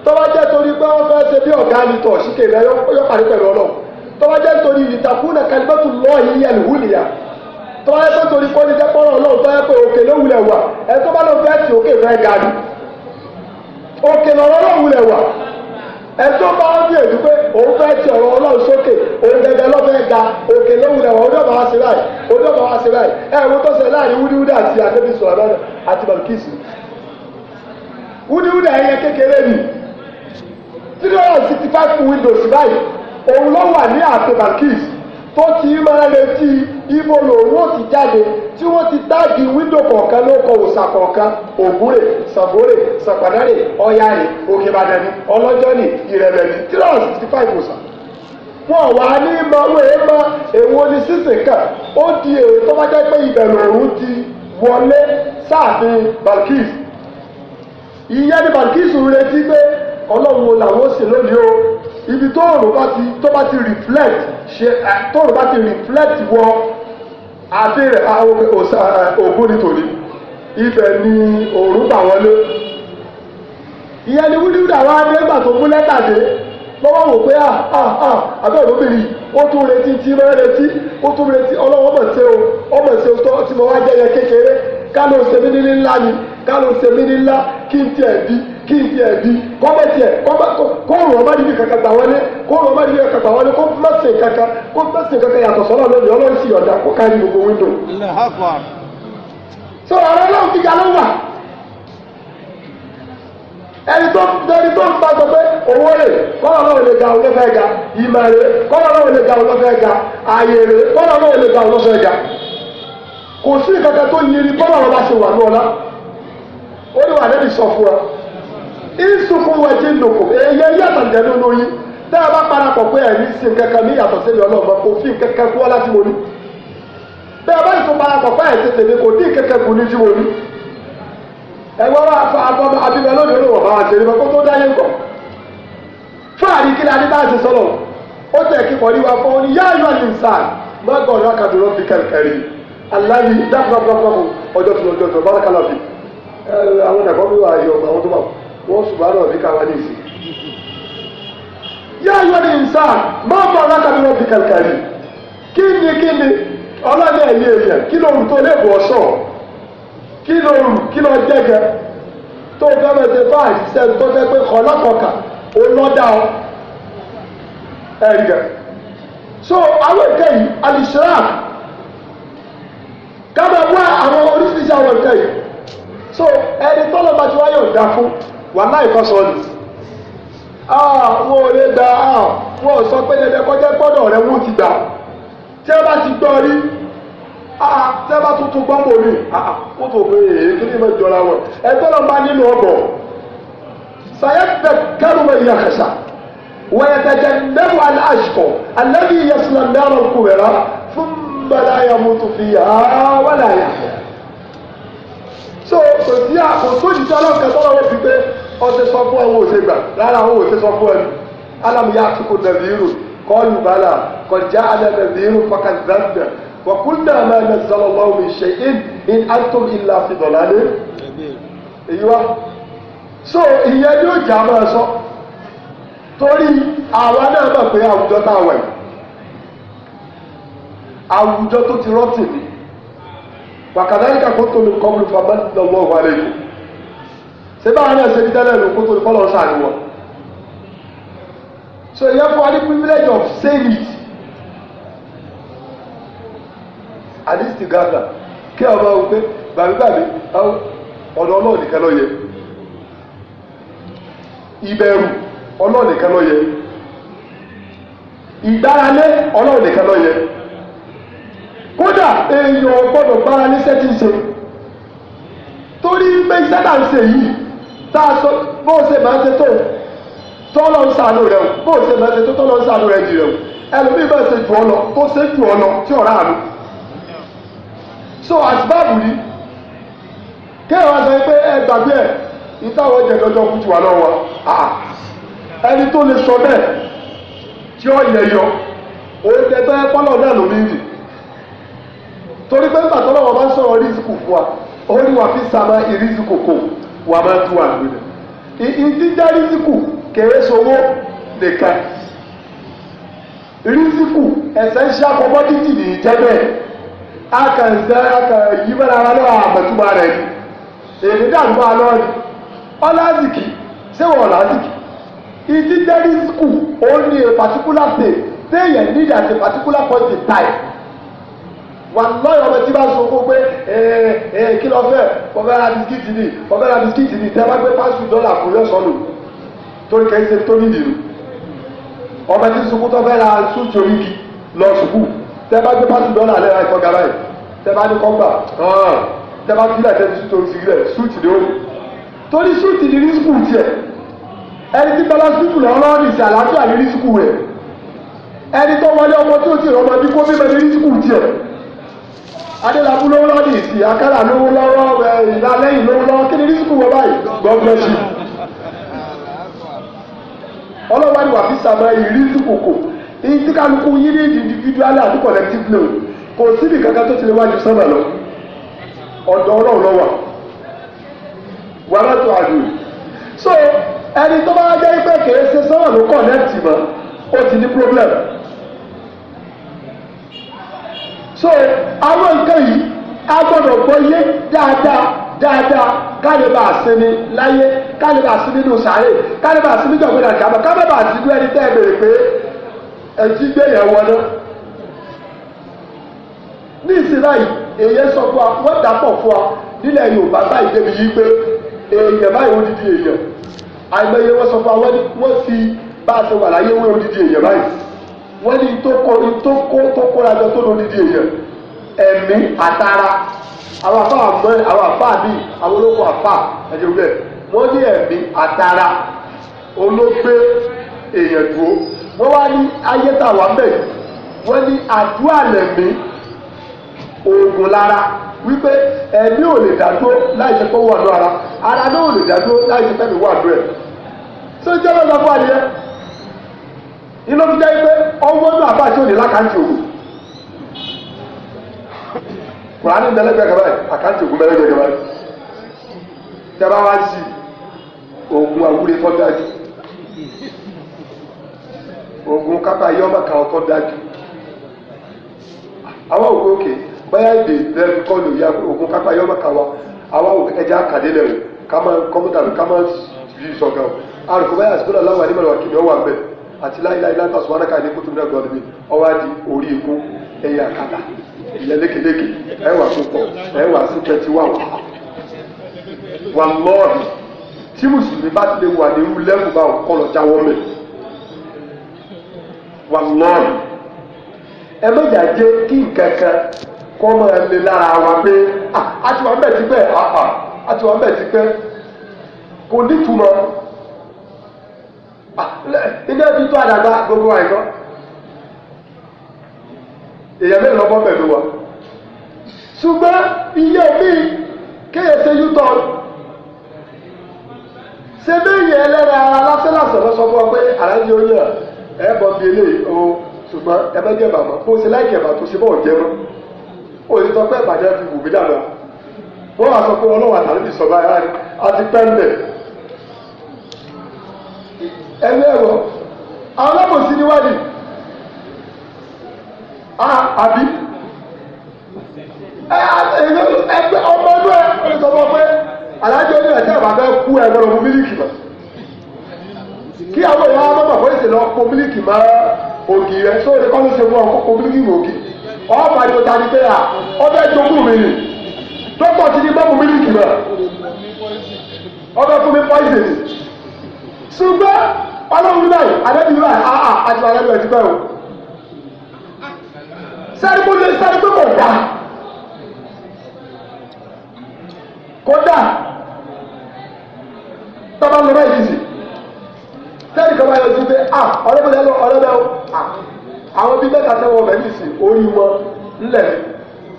tó bá jẹ́ torí pé wọ́n fẹ́ ṣe bí ọ̀gá ni tọ̀ síkè rẹ yọ parí pẹ̀lú ọlọ́run tó bá jẹ́ torí ìtàkùnà kalimẹ́tù lọ́ọ̀yì yẹn wúlìyà tó bá yẹ pé torí kọ́ni jẹ́ pọ́nrọ́ ọlọ́run tó yẹ pé òkè ló wulẹ̀ wà ẹ tó bá lọ fẹ́ ti òkè fẹ́ ga ni òkè lọ́rọ́ lọ́wulẹ̀ wà ẹtọ́ bá ń bèèrè pé òun fẹ́ ti ọ̀rọ̀ ọlọ́run sókè òun gẹ́gẹ́ lọ́fẹ́ ga òkè lóhùn ẹ̀wọ̀n onídọ̀bà wá sí báyìí onídọ̀bà wá sí báyìí ẹ̀wọ̀n tó ṣe láàrin wúdiwúdi àti àdébí sọ̀rọ̀ àti balùkìsì wúdiwúdi ẹ̀yẹ kékeré ni three hundred and sixty five windows báyìí òun àti tó ti máa retí ibo lòun ó ti jáde tí wọ́n ti táàgì wíńdò kọ̀ọ̀kan ló kọ òòsà kọ̀ọ̀kan ògúnrè sàgbórè sàpàdánrè ọ̀yàrè òkèbàdàní ọlọ́jọ́nì ìrẹ̀lẹ̀ní three hundred and sixty five òòsà wọn wà ní mọ wọn èé mọ èwo ni sísìn kan ó di èrè tó bá jẹ́ pé ibẹ̀ lòun ti wọlé sáàfin Balkis ìyẹn ni Balkis ń retí pé ọlọ́run wo làwọn ó sì lónìí o ibi tóòrùn bá ti tó bá ti reflect ṣe tóòrùn bá ti reflect wọ àti ògùn nítorí ibẹ̀ ni òòrùn bà wọ́n lé ìyẹn ni wúdiwúdi àwọn adégbà tó mú lẹ́tà dé lọ́wọ́ wò pé ah, ah, ah, àbẹ́ òdòbìnrin ó tún retí tí mọ́ retí ó tún retí ọlọ́wọ́ mọ̀ ṣe o ọmọ ṣe o tí mo wá jẹ́ yẹn kékeré ká ló ń ṣe mí ní ńlá ni ká ló ń ṣe mí ní ńlá kí n tiẹ̀ bí kí n tiẹ̀ di kọ́mọ̀ tiẹ̀ kóòrùn ọba dìbì kankan gbà wọlé kóòrùn ọba dìbì kankan gbà wọlé kó má ṣe kankan kó má ṣe kankan yàtọ̀ sọ́lọ́ lónìí ọlọ́run sì yọ̀dà kó kárí gbogbo wíńdò. sọ ọ̀rọ̀ ọlọ́run gíga ló wà ẹni tó ẹni tó ń bá sọ pé owó rẹ̀ kọ́lọ̀ náà lè ga ọlọ́fẹ́ ga ìmọ̀ rẹ̀ kọ́lọ̀ náà lè ga ọlọ́fẹ́ ga ààyè rẹ̀ kọ́lọ̀ náà lè ga ọlọ́fẹ́ ga kò sí ìkankan tó yiri kọ́lọ̀ náà bá ṣe wà ní ọlá ó ní wà lẹ́bi sọ fún ọ ìsùnkún wẹ̀ jí nùkùn èyí ẹyí àtàǹdẹ̀nu lórí tá a bá parapọ̀ pé ẹ̀mí sin kankan ní yàtọ̀ sí ìyọ̀nà ọ̀mọ kò fi kankan kú ọlá tí mo ní bẹ́ ẹ bá ìsùn parapọ̀ pé ẹ̀sìn tèmi kò dín kankan kù ní tí mo ní ẹ̀wọ́n wa fọ abọ́mọ abímọ lónìí olówó bá wa ṣe nípa kó tó dáyé ńkọ́ fáàrí kí ni adé bá ṣe sọ́lọ̀ ó tẹ̀ kí kọ́ níwá fún ní yáyọ̀ ní nsàn mọ́gbọ́n ọ̀nà kàdúrà fi kẹ̀kẹ́rì aláyé dákúrọ̀kúrọ̀kúrọ̀ ọjọ́ tó lọ́jọ́ tó bá wọ́n ṣùgbọ́n náà bí káwá nìyí. yá ayọ́ ni nsá máa mọ alákàbí wọn bí kàlkàlì kí ni kí ni ọlọ́dẹ ẹ̀yẹ èèyàn kí ló ń tó lébùú ọ̀ṣọ́ kí ló ń kí ló jẹ́gẹ́ tó fẹ́rẹ̀ ṣe fáà ṣiṣẹ́ tó fẹ́ pé kọ̀lọ́kọ̀kà ó lọ́dà ọ ẹ̀gẹ̀. so àwọn ìkẹ́ yìí alìṣirà ká máa wá àwọn oríṣiríṣi àwọn ìkẹ́ yìí so ẹni tọ́lọ́ bá ti wáyọ̀ dá fún wàhálà ìkọsọ ni ah, wọn ò lè gba ah, wọn ò sọ pé dẹdẹ kọjá gbọ́dọ̀ rẹ wọn ti gbà tí ẹ bá ti gbọ́ rí ah, tí ẹ bá tuntun gbọ́ mọ́ mi kó tó pé èyí kí ni mo jọra wọn ẹgbẹ́ lọ́ọ́ nínú ọgbọ̀ sàyẹ́pẹ̀ kẹ́rùmọ̀ ìyàkẹsà ويتجنبها الأشقى الذي يصلى النار الكبرى ثم لا يموت فيها ولا يحيا so kò sí àkókò ìjọba kan tó lọ́wọ́ fi pé ọsẹ sọ fún ẹwọn òsè gbà rárá àwọn òsè sọ fún ẹnu alamu yà àtúkò nàbírù kọlù bàlà kọjá alẹ nàbírù fọkà zambia wàkúndà máa nà sọlọlọ mi ṣe in in antum ilà fìdọ̀lá lé èyí wa so ìyẹn yóò jà máa sọ torí àwa náà mọ̀ pé àwùjọ tá a wà àwùjọ tó ti rọ́ọ̀tì ni wàkàdá yìí kàkó tó lè kọ́ mi fàmà lọ́wọ́ wa lẹ́yìn ṣé báwọn náà ṣe ní tẹ́lẹ̀ ló kó tó ní fọ́lọ́ so ìyẹn fún wa ní privilege of saying it at least gather kí ọba wò pé gbàgbégbàgbé ọ̀dọ̀ ọlọ́ọ̀ nìkan ló yẹ ìbẹ̀rù ọlọ́ọ̀ nìkan ló yẹ ìgbáralé ọlọ́ọ̀ nìkan ló yẹ kódà èèyàn gbọ́dọ̀ gbáralé sẹ́tí ṣe torí pé iṣẹ́ náà yìí tá a sọ bó o ṣe máa ṣe tó tọ́lọ́ ń sànú rẹ̀ o bó o ṣe máa ṣe tó tọ́lọ́ ń sànú rẹ̀ jì rẹ̀ o ẹlòmíì bá ṣe jù ọ lọ tó ṣe jù ọ lọ tí ọ̀rá àánú. so àtibáàbù ni kéèyàn wá sọ pé ẹ gbàgbé ẹ ìtawọ̀ jẹ lọ́jọ́ kú ti wà lọ́wọ́ ẹni tó lè sọ bẹ́ẹ̀ tí ó yẹ yọ òun tẹ́tọ́ ẹ pọ́lọ̀ náà lómi rì torí pé nígbà tó lọ́wọ́ bá ń sọ̀rọ̀ rísíkù fún wa òun ni wà fi sàmà ìrísíkù kò wà máa tún àgbèrè ìdíjà rísíkù kéré sowó nìkan rísíkù essential commodity nìyí jẹ́ bẹ́ẹ̀ a kàn ṣe a kàn yí mẹ́ra ara náà àmọ̀túmọ̀ rẹ̀ ni èmi dàgbà lọ́ọ̀rì ọ̀làzìkì ṣé wọ́n ọ̀làzìkì ìdíjà rísíkù ó ní a particular state téèyàn need at a particular point in time wà lọ́yọ̀ ọmọ tí bá sọ fún pé ẹ̀ẹ́ eh, eh, kí lọ fẹ́ ọ̀gára bisikíìtì ni ọ̀gára bisikíìtì ni tẹ́ bá gbé pásù dọ́là kò yọ sọnù torí kẹ́ ṣe tó nídìí nù ọmọ tí sunkún tó fẹ́ ra sùúrù oríkì lọ sùkú tẹ́ bá gbé pásù dọ́là lẹ́ra ẹ̀kọ́ gàrà yìí tẹ́ bá ní kọ́gbà tẹ́ bá sílẹ̀ tẹ́ ti tó sílẹ̀ sùúrù ni ó ní torí sùúrù ni rí sùkú tiẹ̀ ẹni tí bala sùkú lọ́wọ́ ní ìsẹ̀ àlàáfíà ní rí sùkú rẹ̀ ẹni tó wọlé ọmọ tó ti rọ ọmọ bí kó mímẹ́ ní rí sùkú tiẹ̀ adélábù lówó lọ́wọ́ ní ìsì akálà lówó lọ́wọ́ ìlàlẹ́yìn lówó lọ́wọ́ kí ni rísíkù wọ báyìí God bless you. ọlọ́wọ́ ni wà fi sàmọ́ ìrísíkù kò kálukú yín ní individual àti collective loan kò síbi kankan tó ti lè wájú sọ́nà lọ ọ̀dọ̀ ọlọ́run lọ́wọ́ wàhálà so ẹni tó bá jẹ́ pé kèé ṣe sọ́nà ló kọ̀ ti ní so àwọn nǹkan yìí a gbọ́dọ̀ gbọ́ yé dáadáa dáadáa káàlè bá a sinmi láyé káàlè bá a sinmi nù sáré káàlè bá a sinmi jọ̀gbọ́n náà kàmọ́ káàlè bá a ti dú ẹni tẹ́ ẹ bèrè pé ẹtí gbé yẹn wọnú. ní ìsìn báyìí èyí sọ fún wa wọ́n dà pọ̀ fún wa nílẹ̀ Yorùbá báyìí débi yí pé èèyàn báyìí ó dídí èèyàn àìmọye wọ́n sọ fún wa wọ́n fi bá a ṣe wà láyé wọ́n ó dídí èèyàn báyìí wọ́n ní tó kó tó kó tó kóra jọ tó lórí di èèyàn ẹ̀mí àtara àwọn àfa àmọ́ àwọn àfa mi àwọn olóko àfa ẹ̀jẹ̀ wúlẹ̀ wọ́n ní ẹ̀mí àtara olóògbé èèyàn dúró wọ́n wá ní ayétàwá mẹ́ wọ́n ní àdúrà lẹ̀mí oògùn lára wípé ẹ̀mí ò lè dádúró láì ṣe pé wà lọ ara ara náà ò lè dádúró láì ṣe pé mi wà lọ ẹ̀ tó jẹ́ lọ́dọ̀ fún àdìyẹ inú fi jẹ́ pé ọwọ́ náà bá tí ò ní lákàntì ògùn kùránì mẹlẹgbẹgbẹ báyìí àkáǹtì ògùn mẹlẹgbẹgbẹ báyìí tẹ́bá wá sí ògùn àwúre tó dájú ògùn kápá yọmọ kan tó dájú àwọn ògùn òkè báyà èdè bẹ́ẹ̀ kọ́ ló yá ògùn kápá yọmọ kan wa àwọn ògùn ẹja àkàdé lẹ́wọ̀ ká máa kọ́mọ́tà ló àrùkù báyà àsìkò náà láwọn kìnìún wà bẹ́ẹ̀ àti láìláì látà sùwárẹ́kà ní kútu náà gọ́ọ̀lùmí ọwá di orí ikú ẹ̀yà kàtà ilẹ̀ lékeléke ẹ̀wà púpọ̀ ẹ̀wà sí twenty one wà lọ́ọ̀rì tí mùsùlùmí bá ti lè wà ní irú lẹ́kùn bá òkọ́ lọ jáwọ́ mẹ́ wà lọ́ọ̀rì ẹ mẹ́jà jẹ́ kí nǹkan kan kọ́ máa lè lára wa pé àtiwọ́n ah, bẹ̀ ti pẹ́ àpà àtiwọ́n bẹ̀ ti pẹ́ kò nítumọ̀ ilé ẹbí tó àdàgbà gbogbo àìkọ́ èèyàn mélòó lọ́gbọ́n pẹ̀lú wa ṣùgbọ́n iye mi kéye ṣe yútọ̀ ṣe bẹ́yẹ ẹlẹ́rẹ̀ ara lásánlásán lọ́sọ fún ọ pé àlàyé oyè ẹ bọ́ bí eléyìí o ṣùgbọ́n ẹ bẹ́ jẹ́ bàbá bó ṣe láìkẹ́ bàbá tó ṣe bọ́ jẹ́ mọ́ òyìn tó pẹ́ bàjẹ́ fi wù mí dànù wọ́n wá sọ pé ọlọ́wà tàbí sọ̀bá ẹ̀ á ti pẹ́ ń bẹ̀ ẹlẹ́rọ àwọn alábòsí níwádìí àbí ẹgbẹ́ ọmọ inú ẹ sọ fún ọ pé alájọ ní ẹ̀jẹ̀ àbàbẹ́ kú ẹ̀rọ ọmọ mílíkì lọ kí àwọn ìyá ọmọ bàbá ìṣẹ̀lẹ̀ lọ pọ mílíkì máa ògì rẹ tó lè kọ́ ló ṣe fún ọkọ̀ pọ mílíkì ògì ọ̀ọ́fà ni mo ta ni pé à ọbẹ̀ jogún mi nì dókítà ti ní bọ́ọ̀mù mílíkì náà ọbẹ̀ fún mi pọ́ìsì ṣùgbọ́n ọlọ́run náà àdébí náà àà àti àdébí ẹ̀ ti bẹ́ẹ̀ o. sẹ́ni kò lè sẹ́ni pé kò dá kò dá tọ́ba lọ́ba ìdíjì sẹ́ni kò bá yọ sí pé à ọlọ́bẹ̀lẹ́ lọ ọlọ́bẹ̀ o àwọn bíi mẹ́ta tẹ́wọ́ bẹ̀ ní ìsìn orí wọn ńlẹ̀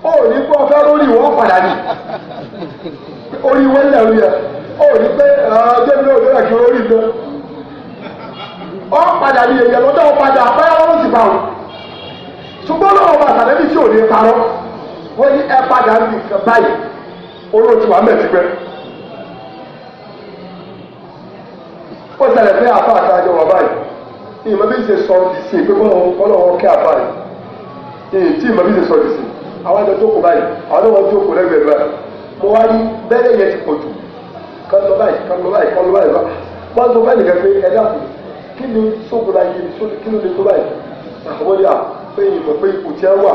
ó ní pé ọfẹ́ lórí wọn padà ní orí wọn ńlẹ̀ rí ẹ ó ní pé ọjọ́ ìbílẹ̀ òjò rẹ̀ kí orí lọ ọ padà ní èyẹ lọ́jọ́ ọ padà báyà wọ́n sì bá wọn. ṣùgbọ́n lọ́wọ́ bá àtàlẹ́bí tí ò ní parọ́ wọ́n ní ẹ padà ní nǹkan báyìí olóòtú wa mẹ́tì pẹ́. ó ṣẹlẹ̀ fẹ́ àfa àtàjọ wà báyìí ìmọ̀ bí ṣe sọ ti sè pé kọ́nà ọlọ́wọ́ kẹ́ àfa rẹ̀ èyí tí ìmọ̀ bí ṣe sọ ti sè àwọn àjọ jókòó báyìí àwọn àjọ jókòó lẹ́gbẹ̀ẹ́ báyìí mo wá rí bẹ́ẹ̀ yẹn ti pọ̀ jù kán lọ báyìí kán lọ báyìí kán lọ báyìí báyìí kí ni sóbùra yìí kí ló lè tó báyìí àwọn yà pé ìmọ̀ pé ipò tí wọ́n wà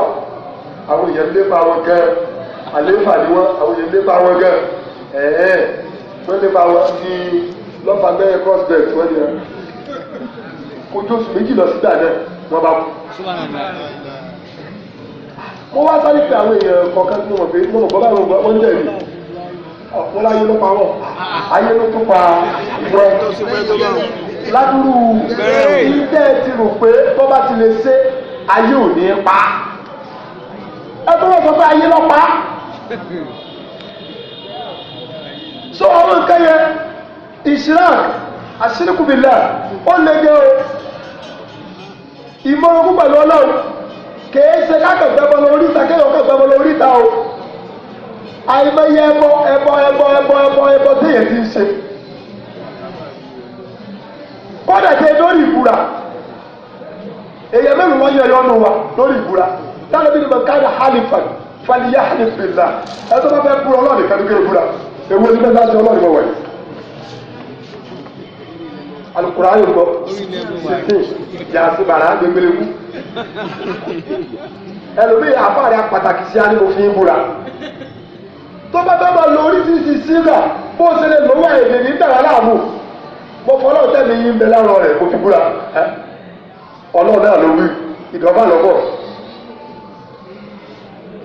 àwọn èèyàn lépa wọn gan àléfà ni wọn àwọn èèyàn lépa wọn gan ẹ̀ẹ́n wọ́n lépa wọn ní lọ́pàá bẹ́ẹ̀ crossbet wọ́n ni kojú oṣù méjì lọ sígbà náà wọ́n bá kú. mo wá sáré pé àwọn èèyàn kọ̀ọ̀kan tí mo mọ̀ pé mo mọ̀ bọ́lá ìrògbọ́n wọ́n ń tẹ̀lé ọ̀pọ̀ láyé ló pa wọ́n ayé ló tún pa wọ́n ládùúrú ilé ti rò pé bọ́ bá ti lè ṣe ayé ò ní pa ẹ tó lọ sọ pé ayé lọ pa so àwọn nǹkan yẹn ìṣirán àṣírìkùbìlà ó lè jẹ o ìmọ̀ràn pẹ̀lú ọlọ́run kìí ṣe kákàgbẹ́bọ lórí ìta kéèyàn kàgbẹ́bọ lórí ìta o àìmọye ẹbọ ẹbọ ẹbọ ẹbọ ẹbọ ẹbọ téèyàn ti ń ṣe. èyàn mẹ́rin wọ́n yẹ lọ́nu wa lórí ìbúra táwọn bí nìkan káàdà halifa faliya halifila ẹ tó bá fẹ́ búra ọlọ́ọ̀dẹ kẹ́dùkẹ́ ìbúra ewu ẹni bẹ́ẹ̀ láti ọlọ́ọ̀dẹ wọ̀wẹ̀. alukura ayò gbọ́ yasibara gbẹgbẹlẹwu ẹlòmíì àfáàrí apàtàkì sí àní òfin ìbúra tó bá bá máa lo oríṣiríṣi sígà bó ṣe lè lówó àyè lè ní dàrá láàmú mo fọlọ́ tẹ̀lé yín bẹ láàrọ̀ rẹ̀ kò fi búra ẹ́ ọlọ́run náà ló wí ìdọ́gba lọ́bọ̀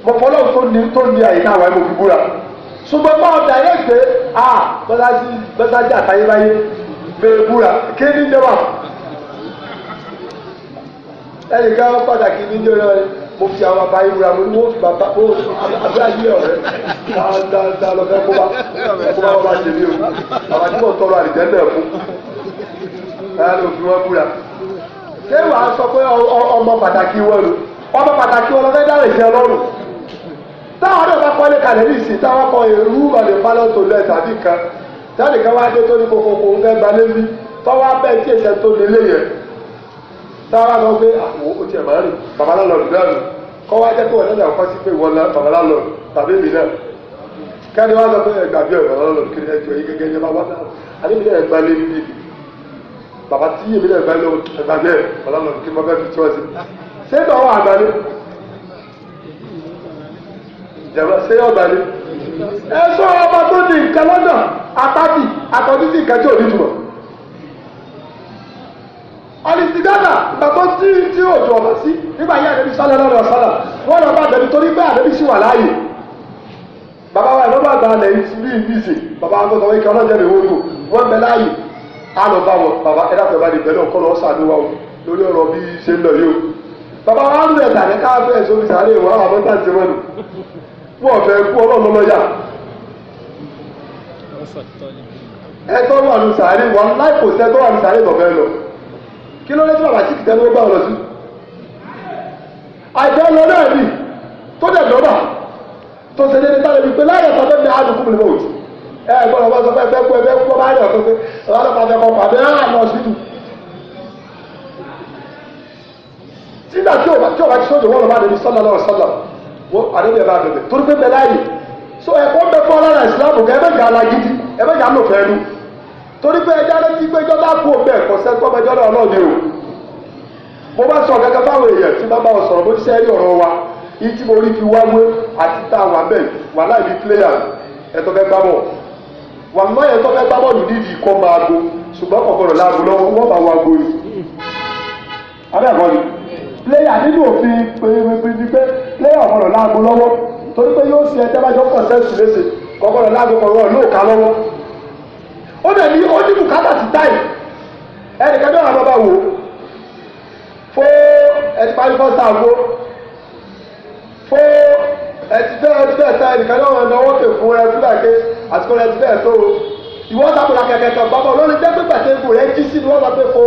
mo fọlọ́ tó ní tó ní àyíká àwọn ẹ̀mọ́ gbígbóra ṣùgbọ́n bá ọ̀dà yẹn gbé a bọ́sájì àtayébáyé bẹ́ẹ̀ búra kí ni dẹ́wà ẹnìkan pàtàkì ní ìjọba rẹ mo fi àwọn àbáyé búra mo ní wọ́n fi bàbá ó abúláyé ọ̀rẹ́ dáadáa lọ́fẹ́ kó bá kó bá wọn bá ṣe mí o àwọn àti wọn tọrọ àlìjẹ́ náà fún ẹ̀ ló fi wọn búra. ṣé wàá sọ pé ọmọ pàtàkì wọlé ọmọ pàtàkì wọlé fẹ́ dáhùn ìṣẹ́ táwọn náà bá kọ́lé kalẹ̀ ní ìsìn táwọn kan èrú ọ̀lẹ̀ pálọ́tò lẹ̀ tàbí kan táwọn nìkan wá dé tó ní kókó kó ń fẹ́ gbalé bí tọ́wọ́ abẹ́ tí èsẹ̀ tó yẹn táwọn gbé máa rìn bàbá tí yèmí náà bá lọ ẹgbà bẹ́ẹ̀ ọlọ́run kí bàbá fi tí wọ́n sí ṣé bá wà àgbálẹ ìjàmbá ṣé ọgbàlẹ ẹ sọ ọba tó di nǹkan lọ́nà apáti àtọ́jú sí nǹkan tí ò ní jùmọ̀ ọ̀lìsì dáadáa bàbá tí tí ò jù ọ̀bà sí nígbà yá àdébí sálẹ̀ lọ́rọ̀ sálà wọ́n lọ bá àdébí torí pé àdébí sì wà láàyè bàbá wa ìlọ́gbàgbà lẹ́yìn sí bí ìbísì bàbá wa tó sọ wípé ọlọ́jẹ̀ rẹ̀ wọ́n lò wọ́n bẹ láàyè á lọ bá wọn bàbá ẹ dàpọ̀ báyìí bẹ́ẹ̀ náà kọ́ lọ́ọ́ sàdúrà o lórí ọ̀rọ̀ bí ṣe ń lọ yìí o. bàbá wa ń bẹ̀ẹ̀ tàní káfẹ́ sórí sàárè wọn àwọn ọmọdé àti mọ́nu wọn fẹ́ kú ọlọ́run lọ́yà. ẹtọ́ wà lù sàárè wọn láì kò sẹ́tọ́ wà lù sàárè tọ̀fẹ́ lọ kí ló dé tí bàbá síkì tẹ́lẹ̀ bá ọ lọ lọ náà bì tó dẹ̀ lọ́dà tó ṣe déédéé tá ẹ gbọ́dọ̀ wọ́n sọ pé ẹgbẹ́ kú ẹgbẹ́ kú bá yọ̀ pé ọlọ́pàá fẹ́ kọ́ pàdé ẹ̀ lọ sí tù. sígbà tí òbá tí òbá ti sọ́jọ́ wọn lọ bá débi sọ́lá lọ́wọ́ sọ́lá wọ́n àdébẹ̀ bá bẹ̀bẹ̀ torí pé bẹ́ẹ̀ láàyè so ẹ̀kọ́ bẹ fún ọlọ́run ìsìlámù kẹ́ ẹ̀mẹ́jà alágídí ẹ̀mẹ́jà ló fẹ́ nu torí pé ẹja lẹ́tí pé ẹjọ́ bá kú òbẹ̀ kọ́ sẹ́kọ́ ẹjọ́ náà náà ni o mo bá sọ gẹ́gẹ́ báwọn èèyàn tí bá bá wọn sọ̀rọ̀ bó ti sẹ́rí ọ̀rọ̀ wa ìtí mo rí fi wá wé àti tá a wà bẹ́ẹ̀ wà láì fi pléyà ẹ̀tọ́ fẹ́ gbá wà mọ́ yẹn tó fẹ́ gbá bọ́ọ̀lù nídìí kọ́ máa go ṣùgbọ́n kọ̀ọ̀kan láago lọ́wọ́ wọ́n máa wá go yìí. abẹ́ ẹ̀kọ́ ni pléyà nínú òfin pèrèpèrè ni pé pléyà ọ̀kọ̀ọ̀kan láago lọ́wọ́ torí pé yóò ṣe ẹjẹ́ bá jọ pọ̀ sẹ́sù léṣe kọ̀ọ̀kan láago kọ̀ọ̀kan lóòka lọ́wọ́. ó dẹ̀ ní ó ní bùkátà ti táì ẹnìkan náà bàbá wò fó ẹ̀ ẹtí bẹ́ẹ̀ ẹtí bẹ́ẹ̀ tẹ́ ẹnìkan náà wọn náwó kè fún ẹ fúlà ké àsìkò rẹ ti bẹ́ẹ̀ tó o ìwọ sàkóra kẹ̀kẹ́ kan bàbá olórí jẹ́ pé pàṣẹ ìbò rẹ jí sínú wọn bá pé fo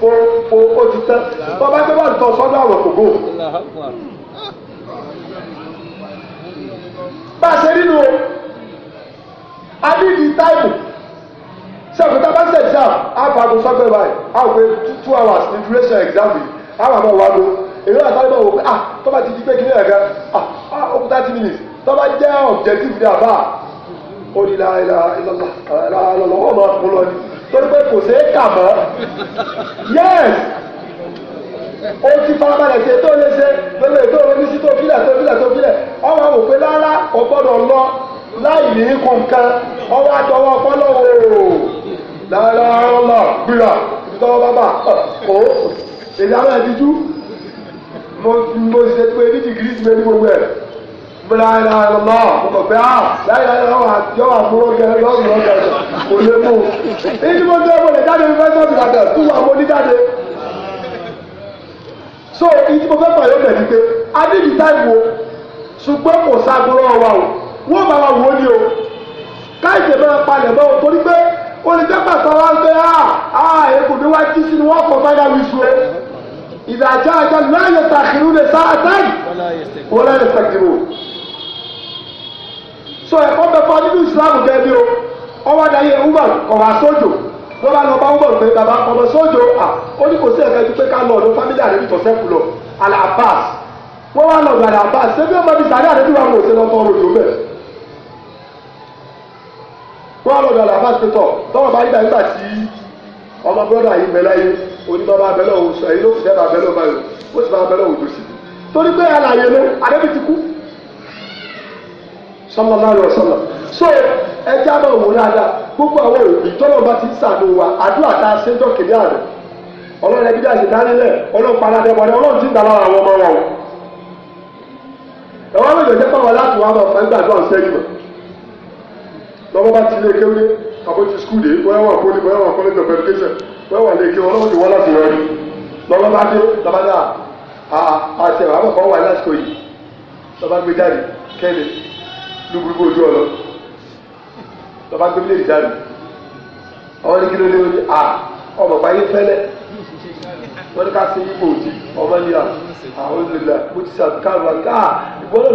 fo fo ó ti tán bàbá pé wọn tọ sọ́dọ̀ àwọn kòkó. bá a ṣe nínú adídi táìmù sẹ́kùn tá a bá ṣe exam á fagùn sọ́gbẹ́ báyìí á wò pé two hours ní duration exam yìí á wà náà wá èyí náà sáré báwo pé ah tó bá ti di pé kí ní ẹ̀ka ah ah ó kú thirty minutes tó bá jẹ́ objective ní àbá ó ní la ìlà ìlọlọ ọmọ ọmọ lọ ni torí pé kò ṣeé kà mọ́ yes ó ti farabalẹ̀ ṣe tó lé ṣe pẹ̀lú ètò òní sí tó fílẹ̀ tó fílẹ̀ tó fílẹ̀ ọmọ àwọn òpin lára ó gbọ́dọ̀ lọ láì ní kọ̀ọ̀kan ọwọ́ àtọwọ́ ọpọlọ wòó lára ọlọ gbìyà ìtọ́wọ́ bàbà ọ̀ èdè àwọn ẹ̀díjú mo mo ṣe pé ní dìgírí ti mẹ́ni gbogbo ẹ̀ bíláìlá ah, lọ mọ̀kọ̀ pé á láìláì lọ́wọ́ àjọ àbúrò gẹ̀rẹ́ lọ́rùn lọ́gẹ̀ kò lè mú un ní mo tẹ́ mo lè jáde mi fẹ́ sọ́ọ̀tì àtẹ̀ tó wà mo ní jáde. so ìdí mo fẹ́ pàdé ọ̀bẹ̀ ni pé a ní ìdí táì wo ṣùgbọ́n kò ságúrọ̀ wa o wọ́n bá wa wò ó ní o káìsè bá palẹ̀ mọ́ o torí pé olùjẹ́pàtà wa ń pẹ́ á á èkó mi wá jí sínú wọn kọ̀ fáyà wíṣú ẹ. إذا جاء أجل لا يتأخرون ساعتين ولا يستكبرون so ẹ̀kọ́ bẹ fọ nínú islam gẹ́gẹ́ o ọwọ́ dayé umar ọ̀rọ̀ asójò ló bá lọ bá umar pé bàbá ọmọ sójò à ó ní kò sí ẹ̀ka ju pé ká lọ ọdún fámílì àdébí tó sẹ́kù lọ alabas wọ́n wá lọ ọ̀dọ̀ alabas ṣebí ọmọ mi sàrí àdébí wa kò sí lọ tọrọ bẹ́ẹ̀ wọ́n lọ ọ̀dọ̀ alabas pé tọ̀ tọ́wọ́ bá yíba nígbà tí ọmọ bọ́dọ̀ àyè mẹ́lẹ́yìn oníbàbà abẹ́lẹ̀ òun sọ èyí ló sì dẹ́ba abẹ́lẹ̀ báyìí ó sì bá abẹ́lẹ̀ òun jòsì torí pé alàyè mi adébí ti kú sallallahu alaihi wasallam so ẹjẹ́ àbá òun dáadáa gbogbo àwọn òbí tọ́lọ́ ti sàdó wa àdúrà tá a ṣe ń jọ kìlí àrùn ọlọ́run ẹbí dáhùn ìdánilẹ̀ ọlọ́run padà dẹ́gbọ̀dẹ́ ọlọ́run ti ń àwọn ọmọ wọn ẹ̀wọ́n mi lè jẹ́ pàwọn láti wá máa fẹ́ gbàdúrà sẹ́yìn lọ́wọ́ bá ti lé kéwé àbójú skul dé bóyá wà kólé bóyá wà kólé pẹ̀pẹ̀ education bóyá wà lè ké wọn ti wọ́n láti rẹ̀ lọ́wọ́ bá dé lọ́bàdà àti ẹ̀rọ àbọ̀kọ́ wà lásìkò yìí lọ́ba gbé jáde kẹ́lẹ̀ lúgbùrúgbù ojú ọ̀lọ́ lọ́ba gbé mílẹ̀ jáde àwọn ní kí ló à ọmọ báyé fẹ́lẹ́ wọ́n ní ká sí ipò òjì ọmọ ní àwọn olùlà mo ti sàkáàrù àti à ìgbọ́n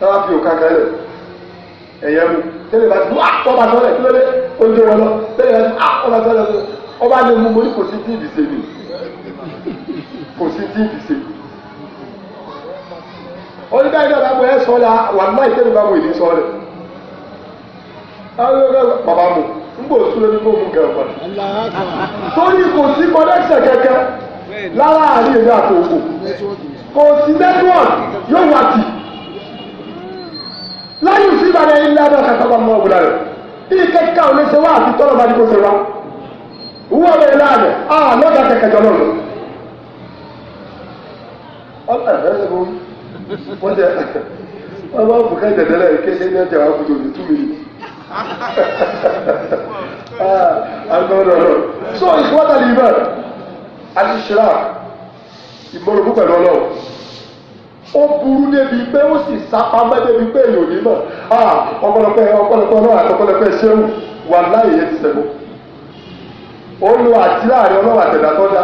táwa fi òkà kan lẹ̀ mu tẹ́lẹ̀ bá ti mú àkọ́bà sọ́lẹ̀ tí oúnjẹ wọn lọ tẹ́lẹ̀ bá ti sọ́lẹ̀ ọba kò sí tí ìdí mi kò sí tí ìdí ṣe mi. onídàájọ́ bá mú wà láì tẹ́lẹ̀ bá mú ìdí sọ́lẹ̀ bàbá mu ń bò sún lórí torí kò sí lára àárín àtòkò kò sí láyé òsínbà rẹ̀ ilé abẹ́ kàtàkọ́ mọ́ ọ̀gbọ̀n rẹ̀ ilé kẹ́kẹ́ ò lè ṣe wá àti tọ́lọ̀ bá ní kó ṣe wá owó ọ̀rẹ́ ilé àgbẹ̀ á lọ́gà kẹkẹjọ lọ́rùn. ọlọ́run bùkẹ́ ìdẹ̀dẹ̀lẹ̀ kéṣe ní ọjà àwọn kùtù òdìtú mi so ìfọ́tàlì ìbẹ̀rẹ̀ àti ṣìlá ìmọ̀rùn púpẹ̀lú ọlọ́run ó burú débi pé ó sì sápamọ́ débi pé èyàn ò ní mọ̀ ọ̀pọ̀lọpọ̀ ọ̀pọ̀lọpọ̀ náà àtọ̀pọ̀lọpọ̀ ṣéwù wà láyé yẹn ti sẹ́gun ó lo àtìlá rẹ ọlọ́wà tẹ̀dá tó dá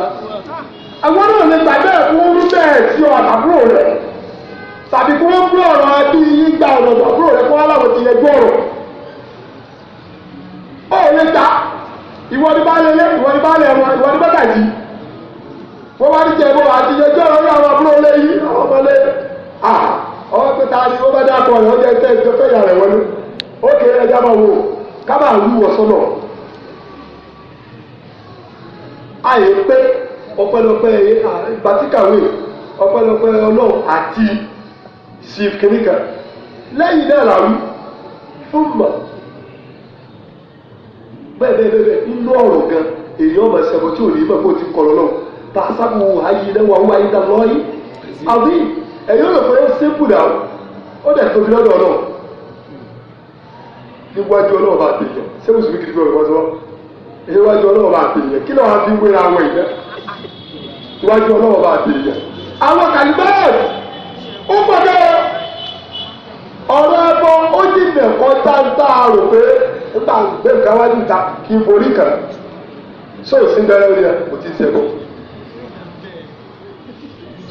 àwọn náà lè gbà bẹ́ẹ̀ fún orú bẹ́ẹ̀ sí ọ àbúrò rẹ tàbí kí wọ́n gbé ọ̀rọ̀ ẹbí yín gba ọ̀rọ̀ àbúrò rẹ fún aláwọ̀ ti yẹ gbọ́ ọ̀rọ̀ ó lè ta ìwọ ni bá lè lé ìwọ ni bá lè wọn ìwọ ni bá kà yìí wọ́n bá díjẹ́ bó àtijọ́ jọ́ lórí àwọn àbúrò lé yìí àwọn ọmọ lé à ọmọ pé ta ni wọ́n bá dáa kọ ọ̀rẹ́ ọjọ́ ẹgbẹ́ ìjọ fẹ́ yàrá ẹ̀wọ́n ní ó kéré ẹja máa wò ká máa wú wọ sọ́nà. àyè pé ọpẹ́lọpẹ́ gbatíkàwé ọpẹ́lọpẹ́ ọlọ́run àti steve kìnìkà lẹ́yìn náà làwọn fún mọ̀ bẹ́ẹ̀ bẹ́ẹ̀ bẹ́ẹ̀ inú ọ̀rọ̀ gan èèyàn ọmọ ìṣẹ̀bọ̀ tí ò ní mọ̀ kó ti kọ̀ lọ́lọ́run o o da ali é eu aí, tàṣàmù ayílẹ̀ wà wá ìdá lọ́yìn àbí ẹ̀yọ́ lọ fẹ́ se dà ó dẹ̀ tóbi lọ́dọ̀ náà níwájú ọlọ́ọ̀bà àtẹ̀yẹ sẹ́kù sì fi kiri bọ́ọ̀lù wọ́n níwájú ọlọ́ọ̀bà àtẹ̀yẹ kí lọ́wọ́ fi wéra àwọn ìdẹ́ níwájú ọlọ́ọ̀bà àtẹ̀yẹ. àwọn kàlíbẹ́ẹ̀rì ó gbọ́dọ̀ ọ̀rọ̀ ẹbọ ó jìnnà kan táńtá rò pé nígbà gbẹ̀ǹkà wájú ìta kì í borí kan sóòsì ń bẹ̀rẹ̀ rí ẹ kò tí ì sẹ́kù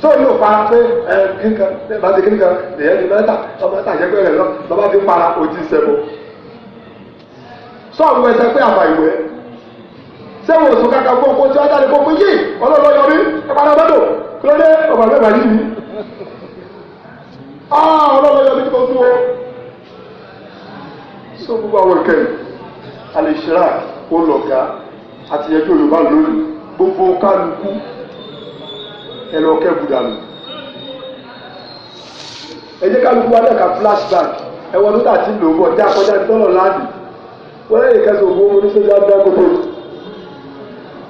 tó yóò para pé ẹ kíkan bá ti kíkan lèyẹ ti mẹ́ta ọmọ tàjẹpẹ rẹ lọ lọba ti para ojú sẹbọ sọọmù ẹsẹ pé àbá ìwẹ sẹwọn oṣù kàkà fún ọkọ tí wọn jáde fún yìí ọlọ́dọ̀ yọrí ẹ̀pàdà mẹ́tò kí ló dé ọ̀bà mẹ́fà yìí ni ọlọ́dọ̀ yọrí tó fún o sọ gbogbo àwọn ìkẹyìn alẹ́ ìṣẹ́ra kó lọ̀gá àti ẹjọ́ Yorùbá lónìí gbogbo kálukú ẹ lọ kẹ́ buda nù. ẹ jẹ́ kálukú wa dàka flashback ẹ wọ́n nígbà tí lò bọ̀ dé akọ́jà tọ́lọ̀ láàbì wọ́n lè kẹ́sì ògbó wọn ní sọ́jà dákòtò.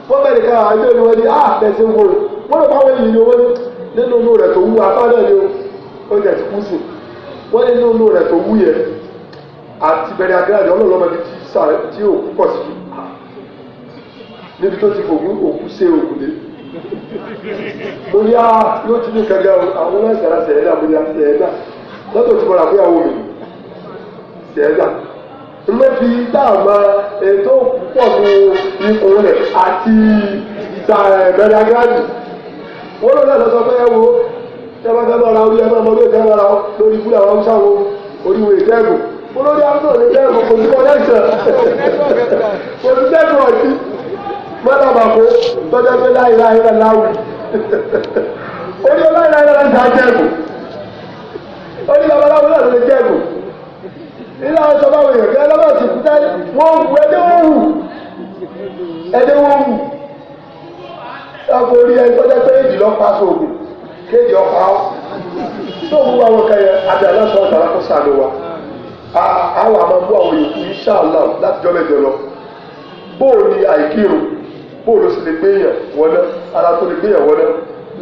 wọ́n bẹ̀rẹ̀ ká àjọ ìlú wọn ni a ah, bẹ̀sẹ̀ wò ó wọ́n lè báwọn ènìyàn wọn nínú inú rẹ̀ tó wú apá náà ni ó jẹ̀ kú sí wọ́n nínú inú rẹ̀ tó wú yẹn àti bẹ̀rẹ̀ agbẹ́rẹ́ ọlọ́lọ́mọdé tí òkú pọ̀ sí níbi tó ti fògún òkú ṣe òkú dé bóyá yóò ti ní kankan àwọn náà sara sẹ̀yẹ́ náà bóyá sẹ̀yẹ́ náà lọ́tọ̀ tí mo rà fún ìyàwó mi sẹ̀yẹ́ náà mẹ́fi dáàmà ètò púpọ̀ ní ikùn rẹ̀ àti ìtàẹ̀mẹ́dàgádì wọ́n lọ́dọ̀ lọ́sọ pé ẹ̀wò tẹ́lọ́tẹ́lọ́ ra orí ẹ̀mọ́ ọmọdé tẹ́lọ́ ra lórí ikú làwọn sáwọn oríwò ìtẹ́gùn olórí àwọn tó lè tẹ́gùn kò sí ọlẹ́sẹ̀ kò sí tẹ́gùn bọ́lá bàbá tọ́jọ́ pé láìláì rẹ̀ láwù ó ní láìláì rẹ̀ láti àjẹ́bù ó ní babaláwo náà lè jẹ́bù nílẹ̀ àwọn sọ báwo èèyàn kí ẹlọ́wọ́ sì kú tẹ́lẹ̀ wọ́n wù ẹdẹ wọ́n wù ẹdẹ wọ́n wù sáfù ẹni tọ́jọ́ pé èjì lọ́ pa sóògùn kéèjì ọ̀pá ọ́ tó wù àwọn kẹyẹ àdàlọ́ sọ ọ̀tàlá àwọn àmọ́ bú àwọn èèyàn kú láti jọ́ lọ bóòlì àìkírun bóòlù sì lè gbéyàn wọlé ara tó lè gbéyàn wọlé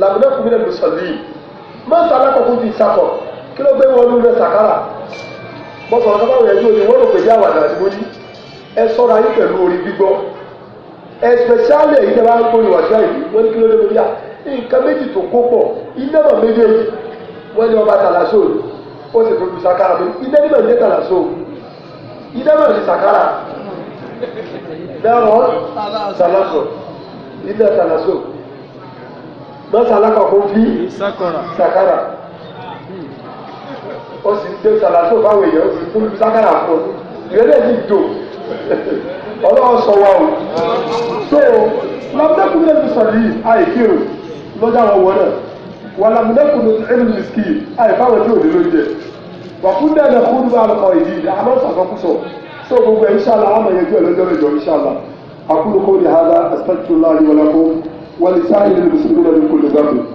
làmúnẹ́kùn mi lẹ́nu sọ̀lì yìí mọ́tò alákọ̀ọ́kọ́ ti sakọ̀ kí ló gbé wọn lórí sàkárà bọ́sọ̀rọ̀ tó bá wọ̀ ẹjọ́ ni wọ́n rò pé yá wà láti mo ní ẹ sọ́ra yín pẹ̀lú orí gbígbọ́ especially èyí tẹ́lá ń kórè wàjú àìdí wọ́n ní kí ló dé mo ní à nǹkan méjì tó kó pọ̀ iná náà méjèèjì wọ́n ní ọba tàlàsó ó sì tó lu sàkárà mi iná nígbà ní tàlàsó iná náà ní sàkárà dáwọn sàlákọ̀ nígbà sàlásò lọ sàlákọ̀ kó fi sàkàrà ó sì dé sàlásò báwọn èèyàn ó sì kú sàkàrà fún ìrẹ́lẹ̀ ti dò ọlọ́wọ́ sọ wa o so lamdẹ́kùnrin ló sọ̀rọ̀ yìí àìkí o lọ́jà wọn wọ náà wà lamdẹ́kùnrin ẹnu ní skill àìfáwọn tí ò ní lóúnjẹ wà fún dẹ́ẹ̀dẹ̀ fún bá a lọ kọ ìdí àmọ́ sàkọ́kùsọ̀. سوف نقول إن شاء الله عما يجوا لدرجه إن شاء الله أقول قولي هذا أستغفر الله لي ولكم ولسائر المسلمين من كل ذنب